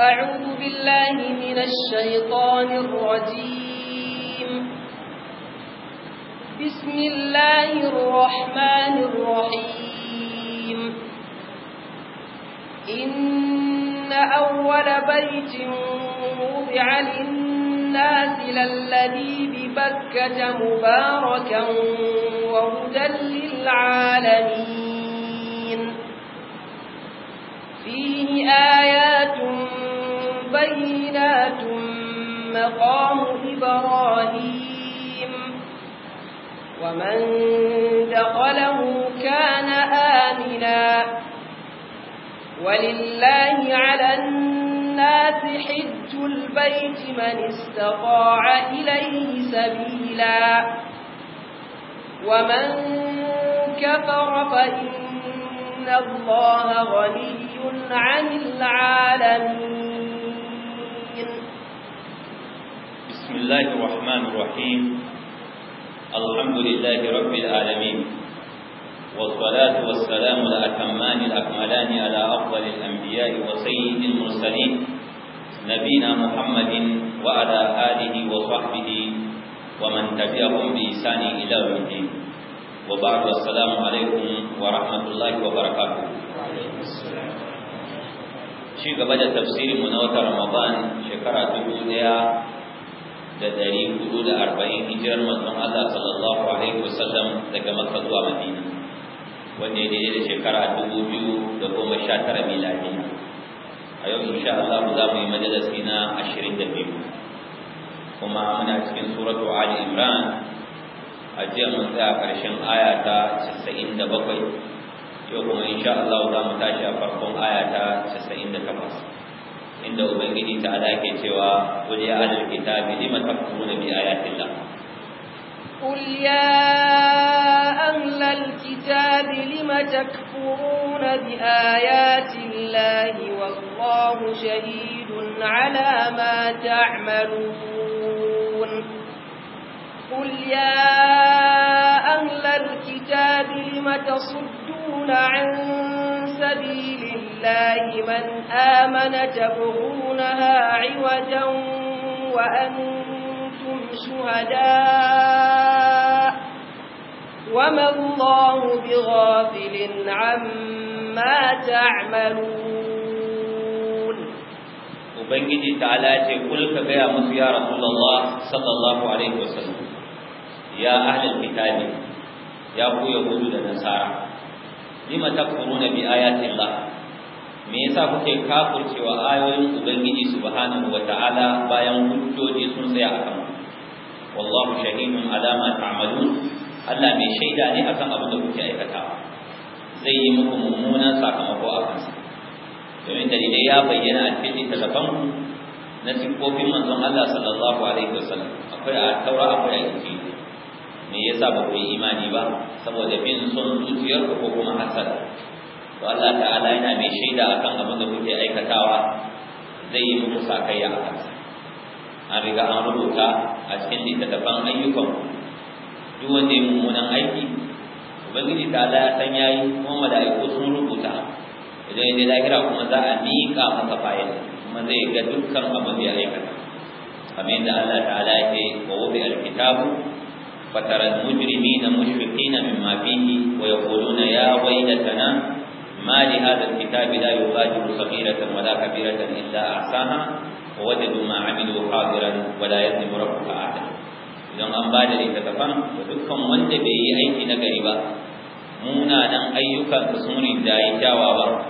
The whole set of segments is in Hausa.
أعوذ بالله من الشيطان الرجيم بسم الله الرحمن الرحيم إن أول بيت وضع للناس للذي ببكة مباركا وهدى للعالمين فيه آيات بينات مقام إبراهيم ومن دخله كان آمنا ولله على الناس حج البيت من استطاع إليه سبيلا ومن كفر فإن الله غني عن العالمين بسم الله الرحمن الرحيم الحمد لله رب العالمين والصلاة والسلام الأتمان الأكملان على أفضل الأنبياء وسيد المرسلين نبينا محمد وعلى آله وصحبه ومن تبعهم بإحسان إلى يوم الدين وبعد السلام عليكم ورحمة الله وبركاته شيء قبل تفسير منوتة رمضان شكرا تقول da ɗari hudu da arba'in hijirar manzon Allah sallallahu alaihi wasallam daga Makka zuwa Madina wanda ya daidai da shekara dubu biyu da goma sha tara miladiya a yau insha Allah za mu yi majalisi na ashirin da biyu kuma muna cikin suratu Ali Imran a jiya mun tsaya ƙarshen aya ta bakwai. yau kuma insha Allah za mu tashi a farkon aya ta 98 inda ubangiji ta ala ke cewa qul ya ahlal kitabi lima takfuruna bi ayatillah قل يا أهل الكتاب لم تكفرون بآيات الله والله شهيد على ما تعملون قل يا أهل الكتاب لم تصدون عن سبيل الله من آمن تبغونها عوجا وأنتم شهداء وما الله بغافل عما تعملون وبنجي تعالى تقول كبيا مس يا رسول الله صلى الله عليه وسلم يا أهل الكتاب يا أبو يهود النصارى lima takfuruna bi ayati Allah me yasa kuke kafurcewa ayoyin ubangiji subhanahu wata'ala bayan hujjoji sun tsaya akan wallahu shahidun ala ma ta'malun Allah mai shaida ne akan abin da kuke aikatawa zai yi muku mummunan sakamako a kansa domin dalilai ya bayyana a cikin littattafan na siffofin manzon Allah sallallahu alaihi wasallam akwai a taura akwai a injili me yasa ba ku yi imani ba saboda bin son zuciyar ko kuma hasad to Allah ta'ala yana mai shaida akan abin da kuke aikatawa zai yi muku sakayya a kansa an riga an rubuta a cikin littattafan ayyukan duk wanda ya mummunan aiki ubangiji ta Allah ya san yayi kuma mala'iku sun rubuta idan ya je lahira kuma za a miƙa masa fayil kuma zai ga dukkan abin da ya aikata kamar yadda Allah ta'ala ya ce wa wubi alkitabu فترى المجرمين مشفقين مما فيه ويقولون يا ويلتنا ما لهذا الكتاب لا يغادر صغيرة ولا كبيرة إلا أحصاها ووجدوا ما عملوا حاضرا ولا يظلم ربك أحدا idan an ba da kafan, da dukkan wanda bai yi aiki na gari ba munanan ayyukan su sun rinjaye kyawawa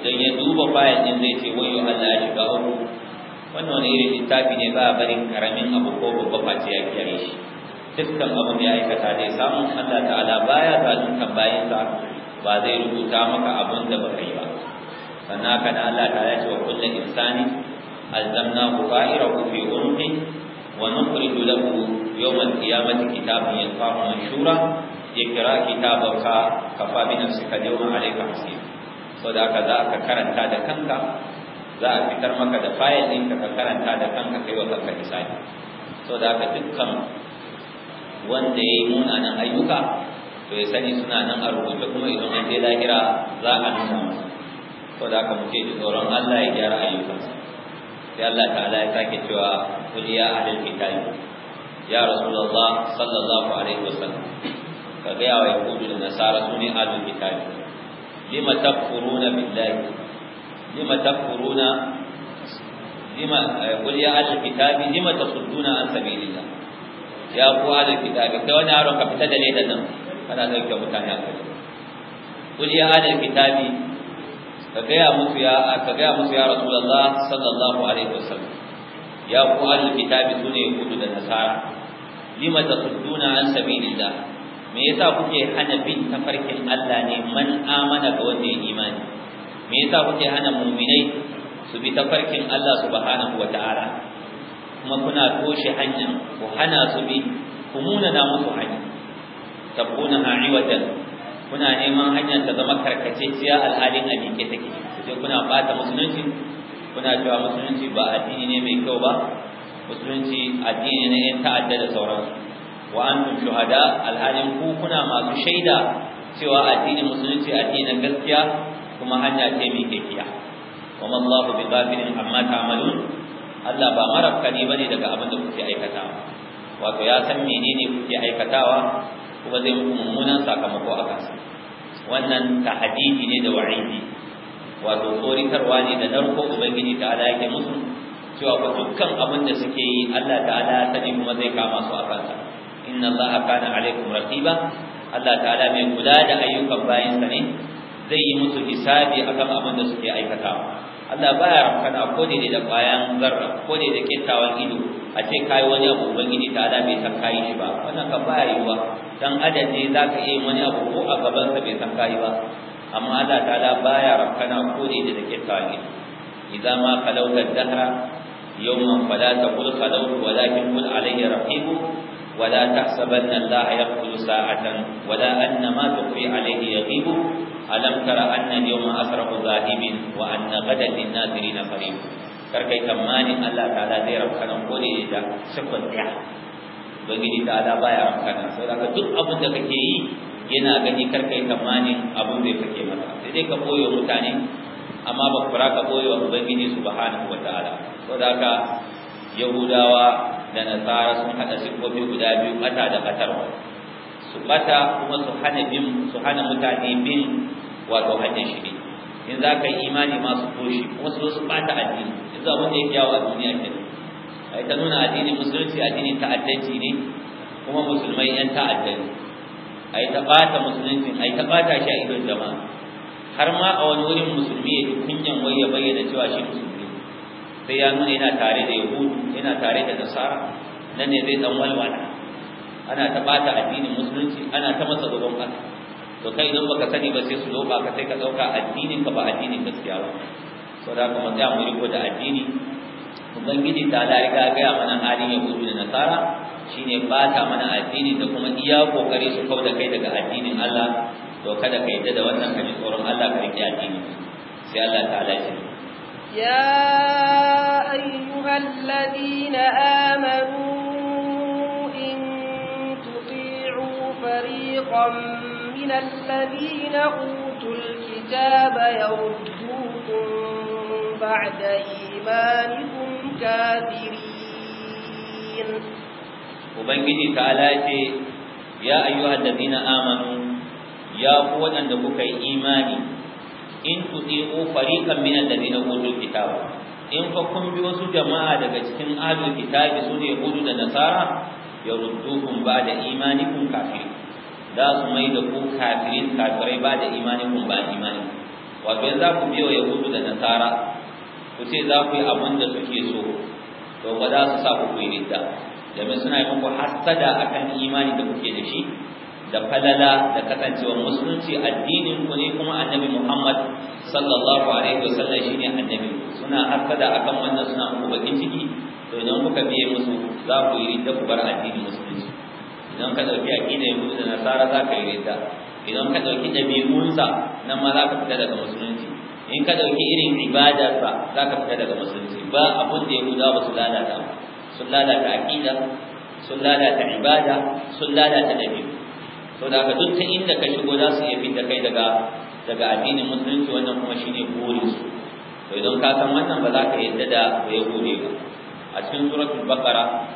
idan ya duba bayan din zai ce wayo Allah ya shiga uku wannan wani irin littafi ne ba barin karamin abu ko babba face ya kiyaye shi dukkan abu ya aikata dai samun Allah ta'ala baya zalunta bayansa ba zai rubuta maka abin da baka yi ba sannan haka da Allah ta'ala ce wa kullu insani alzamnahu fa'irahu fi unqi wa nukhriju lahu yawm al-qiyamati kitaban yanfa'u manshura ikra kitabaka kafa bi nafsika yawma 'alayka hasib so da haka za ka karanta da kanka za a fitar maka da fayil ɗinka ka karanta da kanka kai wa kanka hisabi so da haka dukkan wanda ya yi munanan ayyuka to ya sani suna nan a rubuce kuma idan an je lahira za a nuna masa ko da haka muke ji tsoron Allah ya gyara ayyukansa sai Allah ta'ala ya sake cewa kul ya ahlul kitabi ya rasulullah sallallahu alaihi wasallam ka ga yawa yahudu da nasara su ne ahlul kitabi lima takfuruna billahi lima takfuruna lima kul eh, ya ahlul kitabi lima tasudduna an sabilillah ya ku ahlul kitabi kai wani yaron ka fita da ledan nan kana dauke mutane a kai kul ya ahlul kitabi ka gaya musu ya ka gaya musu ya rasulullah sallallahu alaihi wasallam ya ku ahlul kitabi sune yahudu da nasara lima tasudduna an sabilillah me yasa kuke hana bin tafarkin Allah ne man amana ga wanda ya imani me yasa kuke hana mu'minai su bi tafarkin Allah subhanahu wataala kuma kuna toshe hanyar ku hana su bi ku munana da musu hanya tabbuna ha'iwajan kuna neman hanyar ta zama karkacecciya al'adin a miƙe take sai kuna bata musulunci kuna cewa musulunci ba addini ne mai kyau ba musulunci addini ne yan ta'adda da sauransu wa antum shuhada alhalin ku kuna masu shaida cewa addinin musulunci addinin gaskiya kuma hanya ce mai kekiya wa ma Allahu bi ghafirin amma ta'malun Allah ba marafka ne bane daga abin da kuke aikatawa wato ya san menene kuke aikatawa kuma zai muku mummunan sakamako a kansa wannan tahdidi ne da wa'idi wato tsoritarwa ne da narko ubangiji ta ala yake musu cewa ba dukkan abin da suke yi Allah ta'ala sani kuma zai kama su a kansa inna Allah kana alaikum raqiba Allah ta'ala mai kula da ayyukan bayansa ne zai yi musu hisabi akan abin da suke aikatawa Allah baya rafkana ko ne da bayan zarra ko ne da kintawan ido a ce kai wani abu gidi ta da bai san kai shi ba wannan ka baya yiwa dan adam ne zaka iya wani abu ko a gaban sa bai san kai ba amma Allah ta'ala baya ka ko ne da kintawan ido idan ma da dahra yawman fala taqul khalawtu walakin qul alayya raqibu ولا تحسبن الله يقتل ساعة ولا أن ما تخفي عليه يغيب ألم تر أن اليوم أسرف ذاهب وأن غدا للناظرين قريب كركي تماني الله تعالى زي ربكنا قولي لذا شكرا يا ubangiji ta ala baya amfana sau da ka duk abin da kake yi yana gani karkai tamanin abin zai fake mata sai dai ka boye mutane amma ba kura ka boye wa ubangiji subhanahu wa ta'ala sau da ka yahudawa da nasara sun hada siffofi guda biyu bata da batarwa su bata kuma su hana bin su hana mutane bin wato hanyar shiri in za ka yi imani masu toshi kuma su su bata addini in za mu da ya kyawo a duniya ke ai ta nuna addini musulunci addini ta'addanci ne kuma musulmai yan ta'addani ai ta bata musulunci ai ta bata shi a idon jama'a har ma a wani wurin musulmi ya ji kunyan wai ya bayyana cewa shi musulmi sai ya nuna yana tare da yahudu yana tare da nasara nan ne zai dan walwala ana ta bata addinin musulunci ana ta masa gaban ƙasa to kai idan baka sani ba sai su loba ka sai ka dauka addinin ka ba addinin gaskiya ba So, da kuma tsaya mu riko da addini ubangiji ta da riga gaya mana halin yahudu da nasara shine bata mana addini da kuma iya kokari su kauda kai daga addinin Allah to kada ka yadda da wannan kaji tsoron Allah ka rike addini sai Allah ta halaye ya أيها الذين آمنوا إن تطيعوا فريقا من الذين أوتوا الكتاب يردوكم بعد إيمانكم كافرين وبنجي تعالى يا أيها الذين آمنوا يا قوة أن تكون إيماني in tuti'u fariqan min alladhina utul kitaba in fa kun bi wasu jama'a daga cikin ahlul kitabi su ne yahudu da nasara yarudduhum ba'da imanikum kafir da su mai da ku kafirin kafirai ba'da imanikum ba imani wato yanzu za ku biyo yahudu da nasara ku ce za ku yi abin da suke so to ba za su sa ku ku yi ridda domin suna yi muku hasada akan imani da kuke da shi da falala da kasancewa musulunci addinin ku ne kuma annabi Muhammad sallallahu alaihi wasallam shine annabi suna harkada akan wannan suna muku bakin ciki to idan muka biye musu za ku yi ridda ku bar addini musulunci idan ka dauki aqida yahudu da nasara za ka yi ridda idan ka dauki dabi'unsa nan ma za ka fita daga musulunci in ka dauki irin ibadarsa za ka fita daga musulunci ba abun da yahudawa ba su lalata sun lalata aqida sun lalata ibada sun lalata dabi'u saboda ka duk ta inda ka shigo za su iya fita kai daga daga addinin musulunci wannan kuma shine ka san wannan ba za ka yadda da ya gobe ba a cikin suratul baqara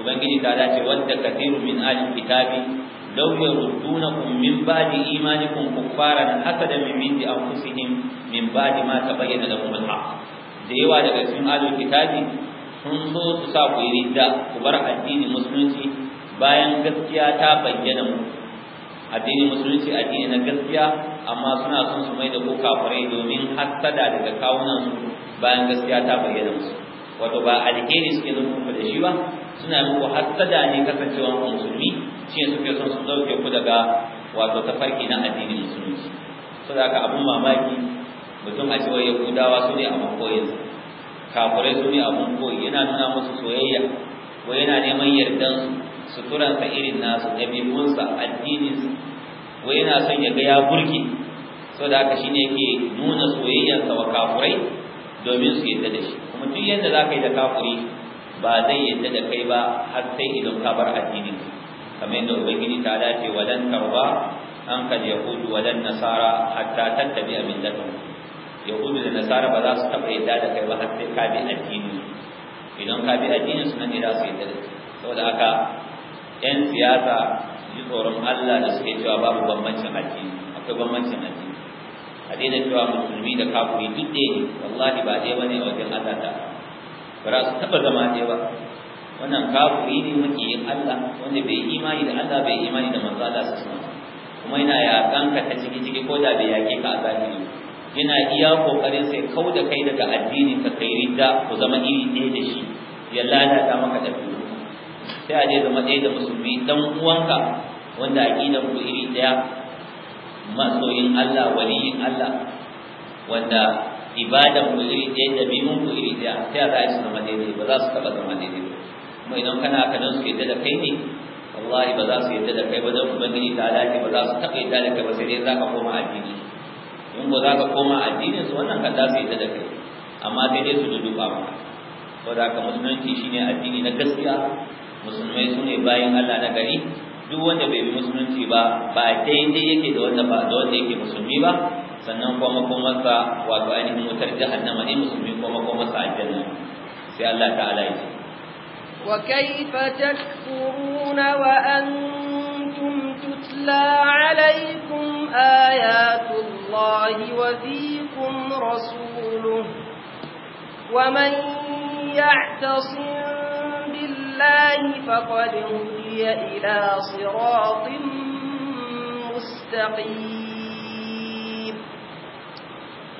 ubangiji ta dace wanda kathiru min ahli kitabi law yaruddunakum min ba'di imanikum kuffaran hasadan min indi anfusihim min ba'di ma tabayyana lahum al-haq da yawa daga cikin ahli kitabi sun zo su sa ku ridda ku bar addini musulunci bayan gaskiya ta bayyana muku addinin musulunci addini na gaskiya amma suna son su mai da ko kafirai domin hassada daga kawunan su bayan gaskiya ta bayyana musu wato ba alheri suke nufin ku da shi ba suna muku hassada ne kasancewa musulmi shi suke son su dauke ku daga wato tafarki na addinin musulunci saboda haka abun mamaki mutum a cewa yahudawa su ne abun koyinsa kafirai su ne abun koyi yana nuna musu soyayya ko yana neman su suturansa irin nasu ɗabi'unsa addininsa ko yana son ya ga ya burge saboda haka shine yake nuna soyayyarsa wa kafurai domin su yadda da shi kuma duk yadda za ka yi da kafuri ba zai yadda da kai ba har sai idan ka bar addinin kamar yadda ubangiji ta dace dan tarba an kan yahudu dan nasara hatta tattabi millatuhum yahudu da nasara ba za su taɓa yadda da kai ba har sai ka bi addini idan ka bi addinin su nan ne za su yadda da kai saboda haka yan siyasa ji tsoron Allah da suke cewa babu bambancin addini akwai bambancin addini daidai cewa musulmi da kafiri duk ɗaya ne wallahi ba ɗaya bane wajen Allah ta ba za su taɓa zama ɗaya ba wannan kafiri ne yin Allah wanda bai imani da Allah bai imani da manzo Allah sallallahu alaihi kuma yana yakan ka ta ciki ciki ko da bai yake ka a zahiri yana iya kokarin sai kau da kai daga addinin ka kai ridda ku zama iri ɗaya da shi ya lalata maka da duniya sai a je zama ɗaya da musulmi dan uwanka wanda aqidar ku iri daya masoyin Allah waliyin Allah wanda ibadan ku iri daya da bimin ku iri daya sai a su zama daidai ba za su taba zama daidai ba kuma idan kana haka nan su yadda da kai ne wallahi ba za su yadda da kai ba don ubangiji ta alaƙi ba za su taɓa yadda da kai ba sai dai za ka koma addini in ba za ka koma addinin su wannan kan za su yadda da kai amma sai dai su duduba maka saboda haka musulunci shine addini na gaskiya musulmai su ne bayan Allah na gari duk wanda bai bi musulunci ba ba daidai yake da wanda ba da wanda yake musulmi ba sannan kuma makomarsa wato ainihin wutar jahannama ne musulmi kuma makomarsa aljanna sai Allah ta'ala ya ce وكيف تكفرون وأنتم تتلى عليكم آيات الله وفيكم رسوله ومن يعتصم بالله الله فقد هدي إلى صراط مستقيم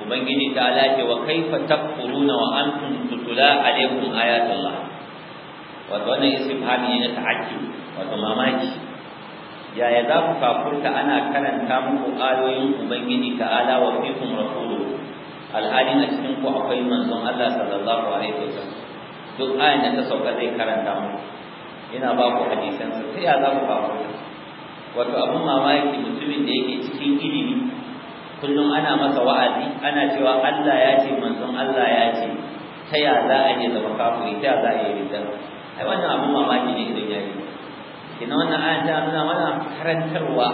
وبنجي تعالى وكيف تكفرون وأنتم تتلى عليكم آيات الله وتوانا استفهامي هنا تعجب وتماماجي يا يذاب كفرت أنا كلن تامك آيوين وبنجي تعالى وفيكم رسوله الآن أتنكم أقيما من الله صلى الله عليه وسلم duk ayan da ta sauka zai karanta mu ina ba ku hadisan su sai ya za ku ba ku wato abun mamaki mutumin da yake cikin ilimi kullum ana masa wa'azi ana cewa Allah ya ce manzon Allah ya ce ta ya za a yi zama kafiri ta ya za a yi ridda ai wannan abun mamaki ne idan ya yi kina wannan ayan da nuna mana karantarwa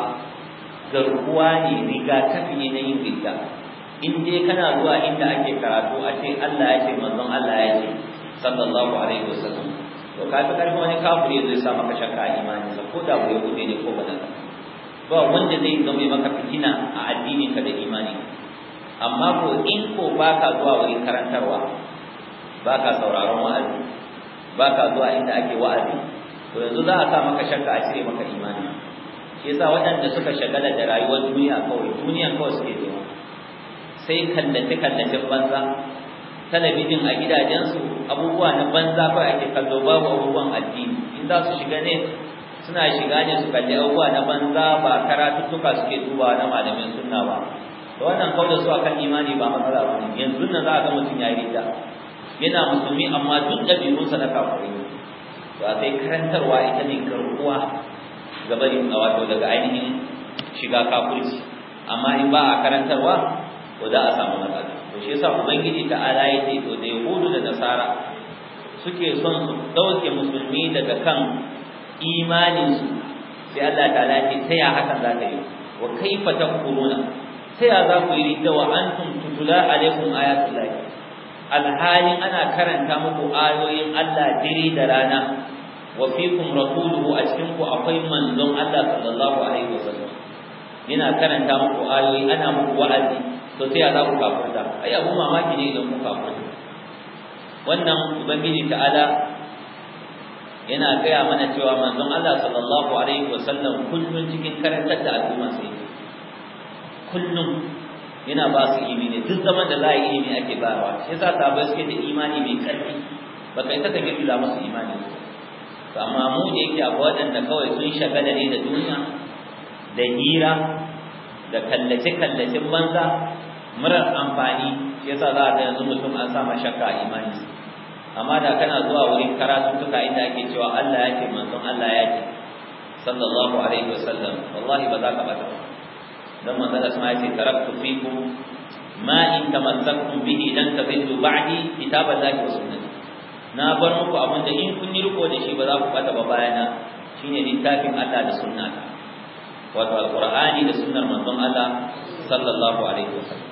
garkuwa ne rigakafi ne na yin ridda in dai kana zuwa inda ake karatu a ce Allah ya ce manzon Allah ya ce sallallahu alaihi wasallam to ka fi karfin wani kafiri zai sa maka shakka a sa ko da ku yahude ne ko badan ba wanda zai zama maka fitina a addinin ka da imani amma ko in ko baka zuwa wurin karantarwa baka sauraron wa'azi baka zuwa inda ake wa'azi to yanzu za a sa maka shakka a cire maka imani shi yasa waɗanda suka shagala da rayuwar duniya kawai duniya kawai suke nema sai kallace kallacen banza talabijin a gidajensu abubuwa na banza kawai ake kallo babu abubuwan addini in za su shiga ne suna shiga ne su kalli abubuwa na banza ba karatuttuka suke duba na malamin sunna ba To wannan kauda su akan imani ba matsala ba ne yanzu nan za a ga mutum ya yi yana musulmi amma duk ɗabi'unsa na kafiri to a karantarwa ita ne garkuwa gabarin wato daga ainihin shiga kafirci amma in ba a karantarwa ko za a samu matsala to shi yasa ubangiji ta ala ya ce to da yahudu da nasara suke son su dauke musulmi daga kan imanin su sai Allah ta'ala ce ta ya haka za ka yi wa kaifa takfuruna ta ya za ku yi da wa antum tutula alaikum ayatullahi alhalin ana karanta muku ayoyin Allah dire da rana wa fikum rasuluhu a cikin ku akwai manzon Allah sallallahu alaihi wasallam yana karanta muku ayoyi ana muku wa'azi to sai za ku kafurta ai abu mamaki ne idan ku kafurta wannan ubangiji ta'ala yana gaya mana cewa manzon Allah sallallahu alaihi wasallam kullun cikin karanta da al'umma sai kullun yana ba su ilimi ne duk zaman da za a yi ilimi ake bayarwa shi yasa sahabbai suke da imani mai karfi ka yi ta girgiza musu imani ba. amma mu da yake abu waɗanda kawai sun shagala ne da duniya da hira da kallace-kallacen banza murar amfani shi yasa za a ga yanzu mutum an sama shakka a imani amma da kana zuwa wurin karatuttuka inda ake cewa Allah ya ce manzon Allah ya ce sallallahu alaihi wasallam wallahi ba za ka bata ba dan manzon asma ya ce taraktu fikum ma in tamassaktum bihi lan tabidu ba'di kitaballahi wa sunnati na bar muku abin da in kun yi riko da shi ba za ku bata ba bayana shine littafin Allah da sunnata wato alqur'ani da sunnar manzon Allah sallallahu alaihi wasallam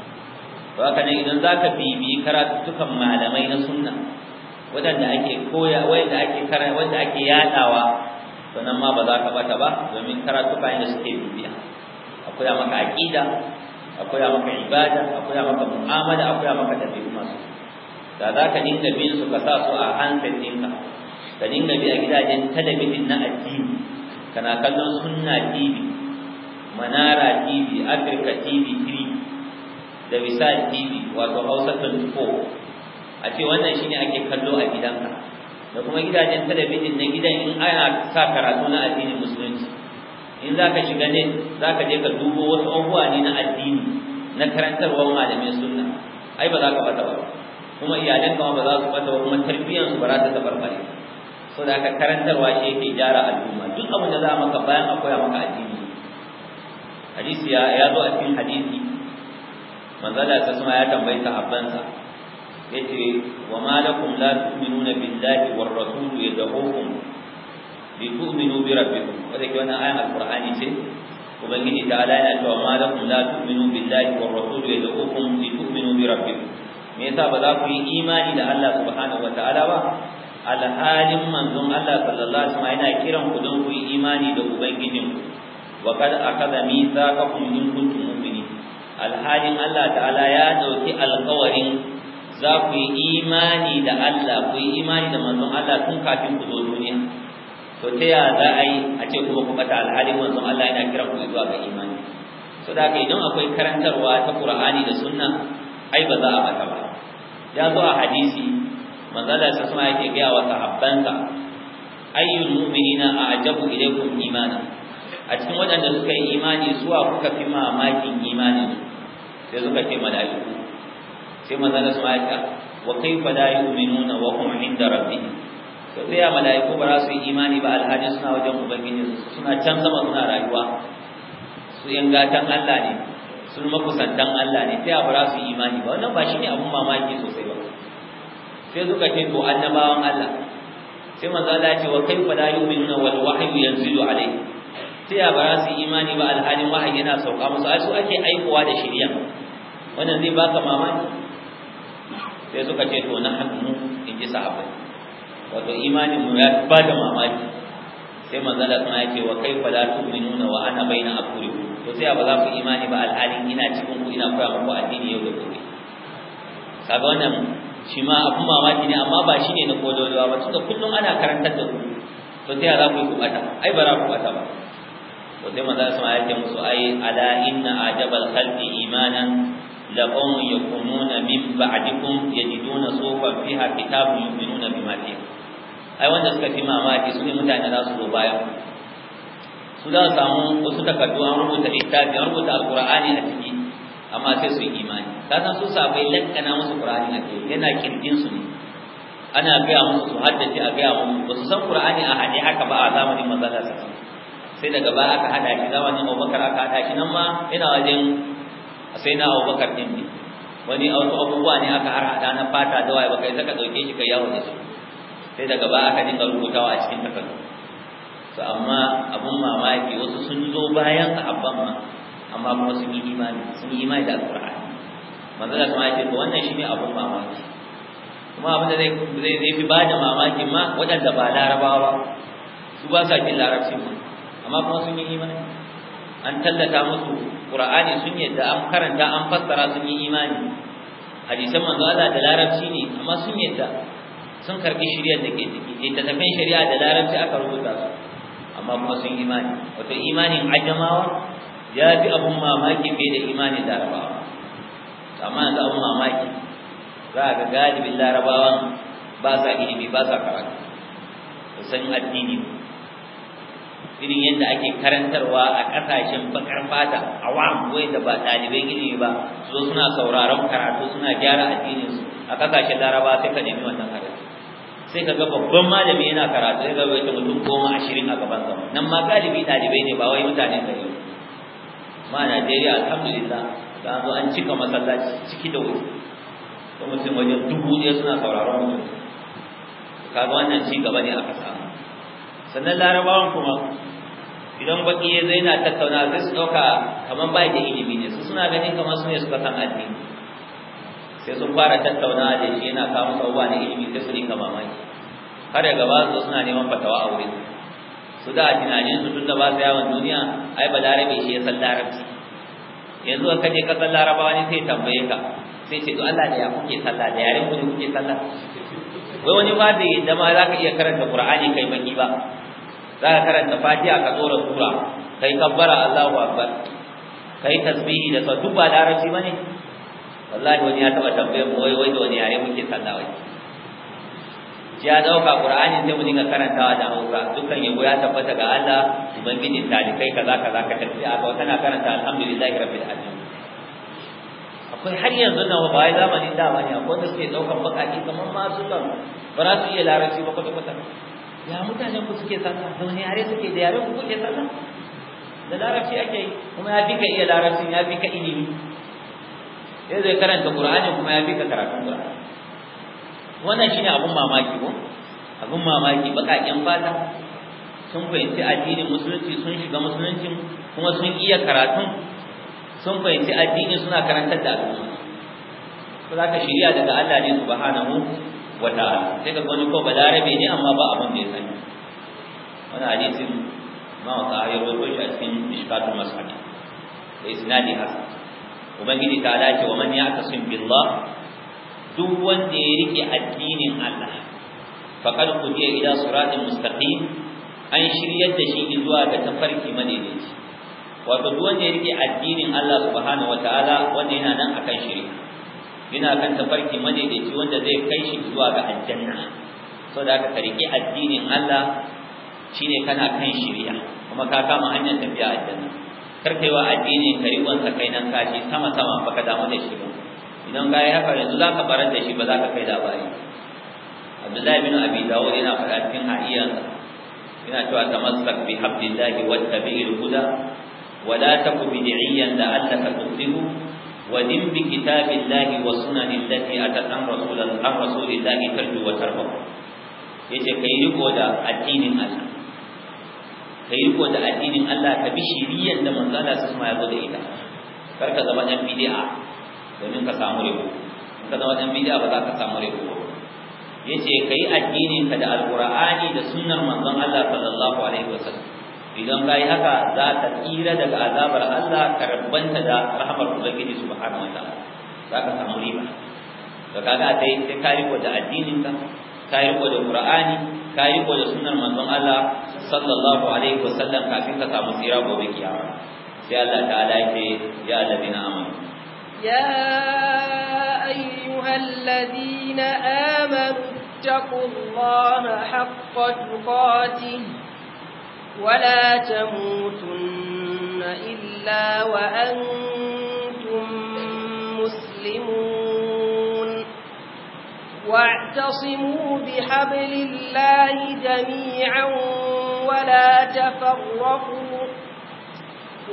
to haka ne idan zaka bibi karatukan malamai na sunna wadanda ake koya wanda ake kara wanda ake yadawa to ma ba za ka bata ba domin karatuka ne suke bibiya akwai maka aqida akwai maka ibada akwai maka mu'amala akwai maka dabi'u masu da za ka dinga bin su ka sa su a hankalin ɗinka ka dinga bi a gidajen talabijin na addini kana kallon sunna tv manara tv africa tv 3 da misal tv wato hausa 24 a ce wannan shine ake kallo a gidanka da kuma gidajen talabijin na gidan in ana sa karatu na addinin musulunci in za ka shiga ne za ka je ka dubo wasu abubuwa ne na addini na karantarwar malamin sunna ai ba za ka bata ba kuma iyalan kama ba za su bata ba kuma tarbiyyar su ba za ta tabarbare so da ka karantarwa shi yake gyara al'umma duk abin da za maka bayan a maka addini hadisi ya zo a cikin hadisi manzala ta kuma ya tambayi sahabbansa yace wa ma lakum la tu'minuna billahi war rasul yad'ukum li tu'minu bi rabbikum wanda ke wannan ayan alqur'ani ce ubangiji ta ala yana cewa ma lakum la tu'minu billahi war rasul yad'ukum li tu'minu bi rabbikum me yasa ba za ku yi imani da Allah subhanahu wataala ba alhalin manzon Allah sallallahu alaihi wasallam yana kiran ku don ku yi imani da ku? wa kad akaza mithaqakum in kuntum mu'minin alhalin Allah ta'ala ya ɗauki alƙawarin za ku yi imani da Allah ku yi imani da manzon Allah tun kafin ku zo duniya to ya za a yi a ce kuma ku bata alhalin manzon Allah yana kiran ku ga imani so da idan akwai karantarwa ta Qur'ani da Sunna ai ba za a bata ba ya zo a hadisi manzon Allah sai yake ga wa sahabbansa ayyul mu'minina a'jabu ilaykum imana a cikin waɗanda suka yi imani zuwa kuka fi mamakin imanin sai suka ce mala'iku sai manzon su aika wa kaifa la yu'minuna wa hum inda rabbihim to sai mala'iku ba za su yi imani ba alhaji suna wajen ubangiji suna can sama suna rayuwa su yan gatan Allah ne sun makusantan Allah ne sai ba za su yi imani ba wannan ba shine abun mamaki sosai ba sai suka ce to annabawan Allah sai manzo Allah ya ce wa kaifa la yu'minuna wal wahyu yanzilu alayhi sai ya ba za su imani ba alhalin wahayi yana sauka musu ai su ake aikowa da shirya wannan zai baka mamaki sai suka ce to na hannu in ji sahabbai wato imanin mu ya ba da mamaki sai manzala kuma ya ce wa kai fa la tu'minuna wa ana baina aqulikum to sai ba za ku imani ba alhalin ina cikin ku ina koya muku addini yau da gobe kaga wannan shi ma abun mamaki ne amma ba shine na kodolewa ba tunda kullum ana karantar da ku to sai za ku yi kubata ai ba za ku kubata ba to sai manzo sun ya ce musu ai ala inna ajabal khalqi imanan la qawmun yakununa min ba'dikum yajiduna sufan fiha kitabun yu'minuna bima fi ai wanda suka fi mamaki su ne mutane da su bayan su za su samu wasu takardu an rubuta littafi an rubuta alqur'ani a ciki amma sai su yi imani kana su sabai lankana musu qur'ani a ciki yana kirjin su ne ana gaya musu su haddace a gaya musu ba su san qur'ani a hade haka ba a zamanin manzo sallallahu alaihi wasallam sai daga baya aka hada shi ne Abubakar aka hada shi nan ma yana wajen sai na Abubakar ɗin ne wani wasu abubuwa ne aka har hada na fata da waye baka sai ka dauke shi kai yawo da su? sai daga baya aka dinga rubutawa a cikin takardu to amma abun mamaki wasu sun zo bayan sahabban ma amma kuma sun yi imani sun yi imani da alqur'ani manzo da kuma yake ko wannan shine abun mamaki kuma abin da zai zai fi bada mamakin ma waɗanda ba larabawa su ba sa jin larabci ba amma kuma sun yi imani an tallata musu qur'ani sun yadda an karanta an fassara sun yi imani hadisan manzo Allah da larabci ne amma sun yadda sun karbi shari'ar da ke ciki littattafan shari'a da larabci aka rubuta su amma kuma sun imani wato imanin ajamawa ya fi abun mamaki fiye da imanin larabawa amma yanzu abun mamaki za a ga galibin larabawan ba sa ilimi ba sa karatu san addini irin yadda ake karantarwa a kasashen bakar fata awam wai da ba ɗaliban ilimi ba zo suna sauraron karatu suna gyara addinin su a kasashen laraba sai ka nemi wannan karatu sai ka ga babban malami yana karatu sai ka ga wata mutum goma ashirin a gaban sa nan ma galibi ɗalibai ne ba wai mutane mutanen gari ma Najeriya alhamdulillah ga zo an cika masallaci ciki da wuri ko mutum wajen dubu ne suna sauraron mutum kaga wannan ci gaba ne aka samu sannan larabawan kuma idan baki ya zai na tattauna sai su dauka kaman bai da ilimi ne su suna ganin kamar su ne suka san addini sai sun fara tattauna da shi yana kawo musu abubuwa na ilimi sai su kamar mamaki har ya gaba su suna neman fatawa a wurin su da tunanin su tun da ba su yawon duniya ai ba larabe shi ya san larabci yanzu ka san kasar larabawa ne sai tambaye ka sai ce to Allah da ya kuke sallah da yaren ku ne kuke sallah wai wani ma da ma za ka iya karanta Qur'ani kai baki ba za ka karanta fatiha ka tsora sura kai kabbara Allahu akbar kai tasbihi da sa duk ba larabci bane wallahi wani ya taba tambayar mu wai wai da wani yare muke sallah wai ya dauka qur'ani sai mu dinga karantawa da hauka dukkan yabo ya tabbata ga Allah ubangijin kai kaza kaza ka tafi aka wata na karanta alhamdulillahi rabbil alamin akwai har yanzu na ba ya zamani da bane akwai da suke daukan bakaki kamar ma su kan ba za su iya larabci ba kwata kwata ya mutanen ku suke sata da wani yare suke da yare ku kuke sata da larabci ake yi kuma ya fi ka iya larabcin ya fi ka ilimi sai zai karanta ƙur'ani kuma ya fi ka karatun qur'ani wannan shine abun mamaki ko abun mamaki bakaken fata sun fahimci addinin musulunci sun shiga musulunci kuma sun iya karatun sun fahimci addini suna karantar da al'umma ko zaka shirya daga Allah ne subhanahu Wata'ala, sai ka wani ko balarabe ne amma ba abin da ya sani wannan hadisin ma wata ayar wato shi a cikin ishkatul mas'ali da isnadi hasan ubangiji ta dace wa man ya'tasim billah duk wanda ya rike addinin Allah faqad qudiya ila siratin mustaqim an shiryar da shi zuwa ga tafarki madaidaici wato duk wanda ya rike addinin Allah subhanahu Ta'ala wanda yana nan akan shirya yana kan tafarki madaidaici wanda zai kai shi zuwa ga aljanna saboda ka karike addinin Allah shine kana kan shiriya kuma ka kama hanyar tafiya aljanna karkaiwa addini kariwan sa kai nan kashi sama sama baka damu da shi ba idan ga ya haka yanzu zaka barar da shi ba za ka kai labari Abdullahi bin Abi Dawud yana fara cikin ha'iyansa yana cewa tamassak bi wa tabi'il huda wa la taku bid'iyan la'allaka tuflihu ودم بكتاب الله وسنن التي أتت عن رسول عن رسول الله ترجو وترهب yace kai riko da addinin Allah kai riko da addinin Allah ka bi shiriyan da manzo Allah su ma yazo da ita kar ka zama dan bid'a domin ka samu riko in ka zama dan bid'a ba za ka samu riko yace kai addinin ka da alqur'ani da sunnar manzon Allah sallallahu alaihi wasallam idan kai haka za ka tsira daga azabar Allah ka ta da rahmar ubangiji subhanahu wataala za ka samu riba to kaga sai sai ka riko da addinin ka ka riko da qur'ani ka riko da sunnar manzon Allah sallallahu alaihi wasallam kafin ka samu tsira gobe kiyama sai Allah ta'ala yake ya alladina amanu ya ayyuhalladhina amanu taqullaha haqqa tuqatih ولا تموتن إلا وأنتم مسلمون واعتصموا بحبل الله جميعا ولا تفرقوا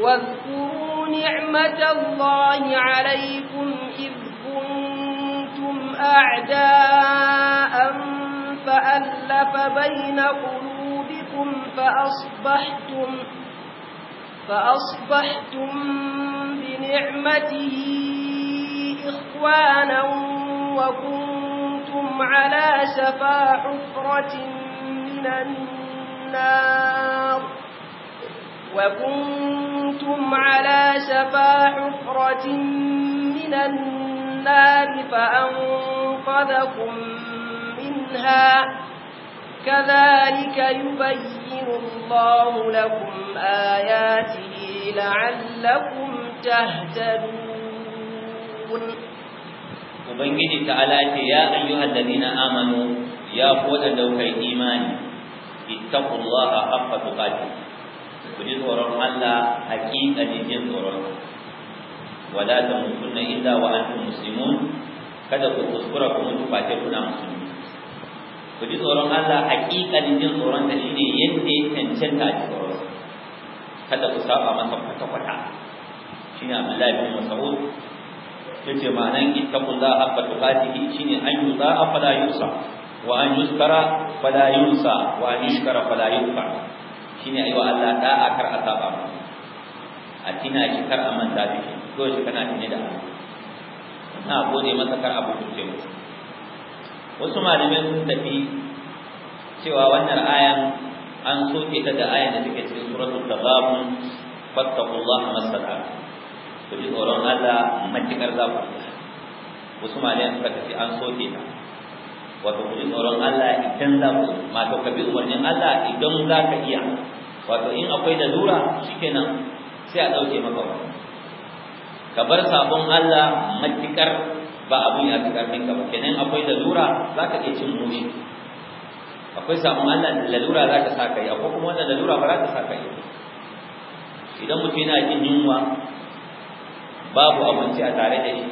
واذكروا نعمة الله عليكم إذ كنتم أعداء فألف بين قلوبكم أنفسكم فأصبحتم فأصبحتم بنعمته إخوانا وكنتم على شفا حفرة من النار وكنتم على شفا حفرة من النار فأنقذكم منها كذلك يبين الله لكم آياته لعلكم تهتدون Ubangiji ta'ala ce ya ayyuhal ladina amanu ya koda daukai imani ittaqullaha haqqa tuqatih ku ji tsoron Allah hakika ne jin tsoron wala tamutunna illa wa kada ku kuskura ku mutu face kuna musulmi ku ji tsoron Allah haƙiƙanin jin tsoron da shine yadda ya cancanta a tsoron kada ku saba masa kwata kwata shine Abdullahi bin Mas'ud yace ma'anan ittaqullaha haqqa shi ne an yuza fala yusa wa an yuskara fala yusa wa an yushkara yusa. yufa shine ayo Allah da a asaba a tina shi kar amanta da shi ko shi kana tine da Allah na gode masa kar abu kuce masa wasu malamai sun tafi cewa wannan ayan an soke ta da ayan da take cikin suratul taghabun fattaqullah masada to ji tsoron Allah matikar za ku wasu malamai suka tafi an soke ta wato ku ji tsoron Allah idan za ku ma to ka bi umarnin Allah idan za ka iya wato in akwai dura shikenan sai a dauke maka ka bar sabon Allah matikar ba abun ya fi karfin ka ba kenan akwai lalura za ka iya cin mushi akwai samun Allah da lalura za ka sa ka yi akwai kuma wannan lalura ba za ka sa ka yi idan mutum yana jin yunwa babu abinci a tare da shi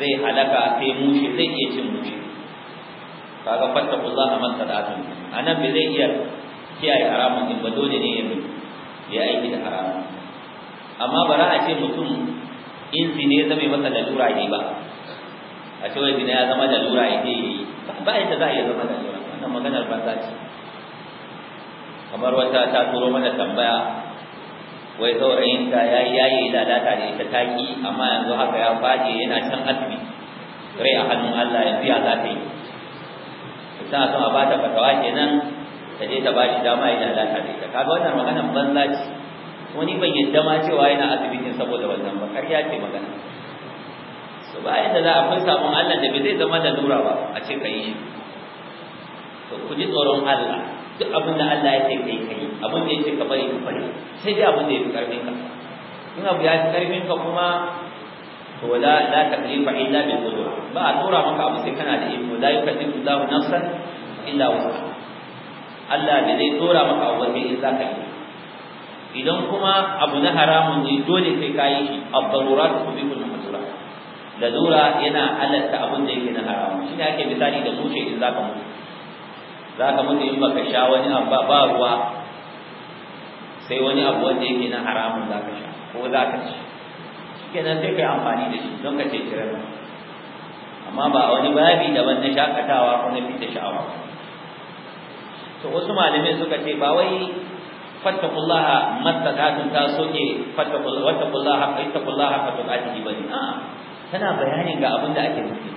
zai halaka sai mushi zai iya cin mushi kaga da man a anan bai zai iya kiyaye haramun din ba dole ne ya yi aiki da haramun amma bara a ce mutum in zine zama masa lalura ne ba a ce wai zine ya zama lalura ya ne yi ba yadda za a iya zama lalura wannan maganar banza ce kamar wata ta turo mana tambaya wai saurayin ta ya yi yayi lalata da ita ta taki amma yanzu haka ya faɗi yana can asibiti rai a hannun Allah yanzu ya za ta yi tana son a bata fatawa kenan ta je ta ba shi dama ya lalata da ita kaga wannan maganar banza ce wani bai yadda ma cewa yana asibitin saboda wannan ba ƙarya ce magana so bayan da za a kun sabon Allah da bai zai zama da nurawa, ba a ce ka yi shi to ku ji tsoron Allah duk abin da Allah ya ce kai kai abin da ya ce ka bari ka bari sai dai abin da ya fi karfin ka in abu ya fi karfin ka kuma to la la taklifa illa bil qudur ba a tura maka abu sai kana da iko la yukallifu Allahu nafsan illa wusa Allah bai zai tura maka abu sai in zaka yi idan kuma abu na haramun ne dole sai ka yi shi abdarura ta kuma bin Da dura yana alatta abin da yake na haramun shi ne ake misali da tushe in za ka mutu zaka ka mutu in baka sha wani abu ba ruwa sai wani abu wanda yake na haramun za ka sha ko za ka ci kenan sai kai amfani da shi don ka ce kiran amma ba wani babi daban na shakatawa ko na fita sha'awa to wasu malamai suka ce ba wai fattaqullaha mastata'tum ta soke fattaqullaha fattaqullaha fattaqatihi bane a tana bayanin ga abin da ake nufi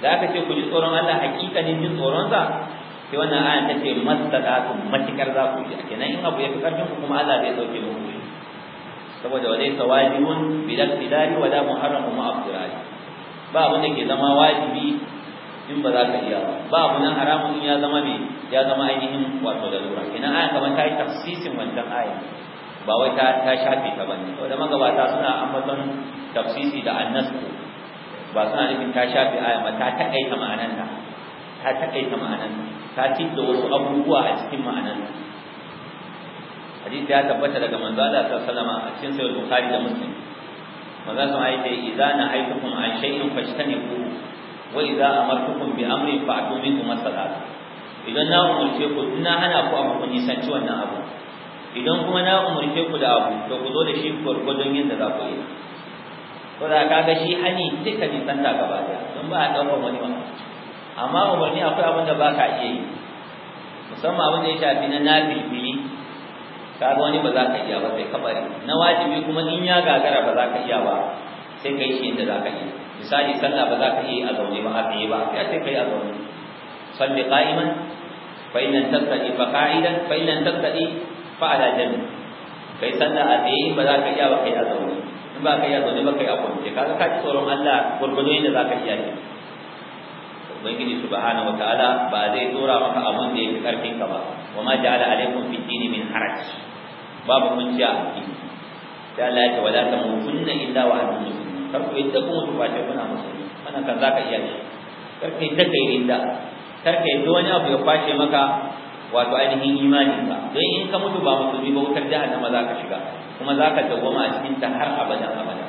da aka ce ku ji tsoron Allah hakikanin jin tsoron sa sai wannan aya ta ce mastata'tum matikar za ku ji kenan in abu ya fi karfin ku kuma Allah zai sauke mu saboda wa laysa wajibun bil iqtidari wa la muharramun ma afdirari ba abin da ke zama wajibi in ba za ka iya ba ba abun haramun in ya zama me ya zama ainihin wato da lura ina aya kamar ta yi tafsisin wancan aya ba wai ta shafe ta bane to da magabata suna ambaton tafsisi da annasu ba suna nufin ta shafe aya ma ta takaita ma'anar ta ta takaita ma'anar ta tidda wasu abubuwa a cikin ma'anar hadisi ya tabbata daga manzo Allah sallallahu alaihi wasallam a cikin sahih bukhari da muslim manzo sama yake idza nahaytukum an shay'in fajtanibu wa idza amartukum bi amrin fa'tu minhu masalat idan na umurce ku ina hana ku abu ku nisanci wannan abu idan kuma na umurce ku da abu to ku zo da shi gwargwadon yadda za ku yi ko da kaga shi hani duka nisanta gaba da don ba a dauka wani ba amma umarni akwai abin da ba ka iya yi musamman abin da ya shafi na nafilfili kaga wani ba za ka iya ba sai kabari na wajibi kuma in ya gagara ba za ka iya ba sai ka yi shi inda za ka iya misali sallah ba za ka iya a zaune ba a biye ba sai kai a zaune salli qa'iman fa in tastati fa qa'idan fa in tastati fa kai sallah a tsaye ba za ka iya ba kai a zaune in ba ka iya zaune ba kai a kwance kaga ka ci tsoron Allah gurgudu yadda za ka iya ne ubangiji subhanahu wataala ba zai tsora maka abun da yafi karfin ka ba wa ma ja'ala alaikum fi dini min haraj babu kunciya a ciki da Allah ya ce wala tamutunna illa wa antum muslimun kar ku yadda kuma ku face kuna musulmi wannan kan zaka iya ne kar kai ta kai inda. karka yanzu wani abu ya kwashe maka wato ainihin imanin ka don in ka mutu ba musulmi ba wutar jahannama za ka shiga kuma za ka dawwama a cikin ta har abadan abada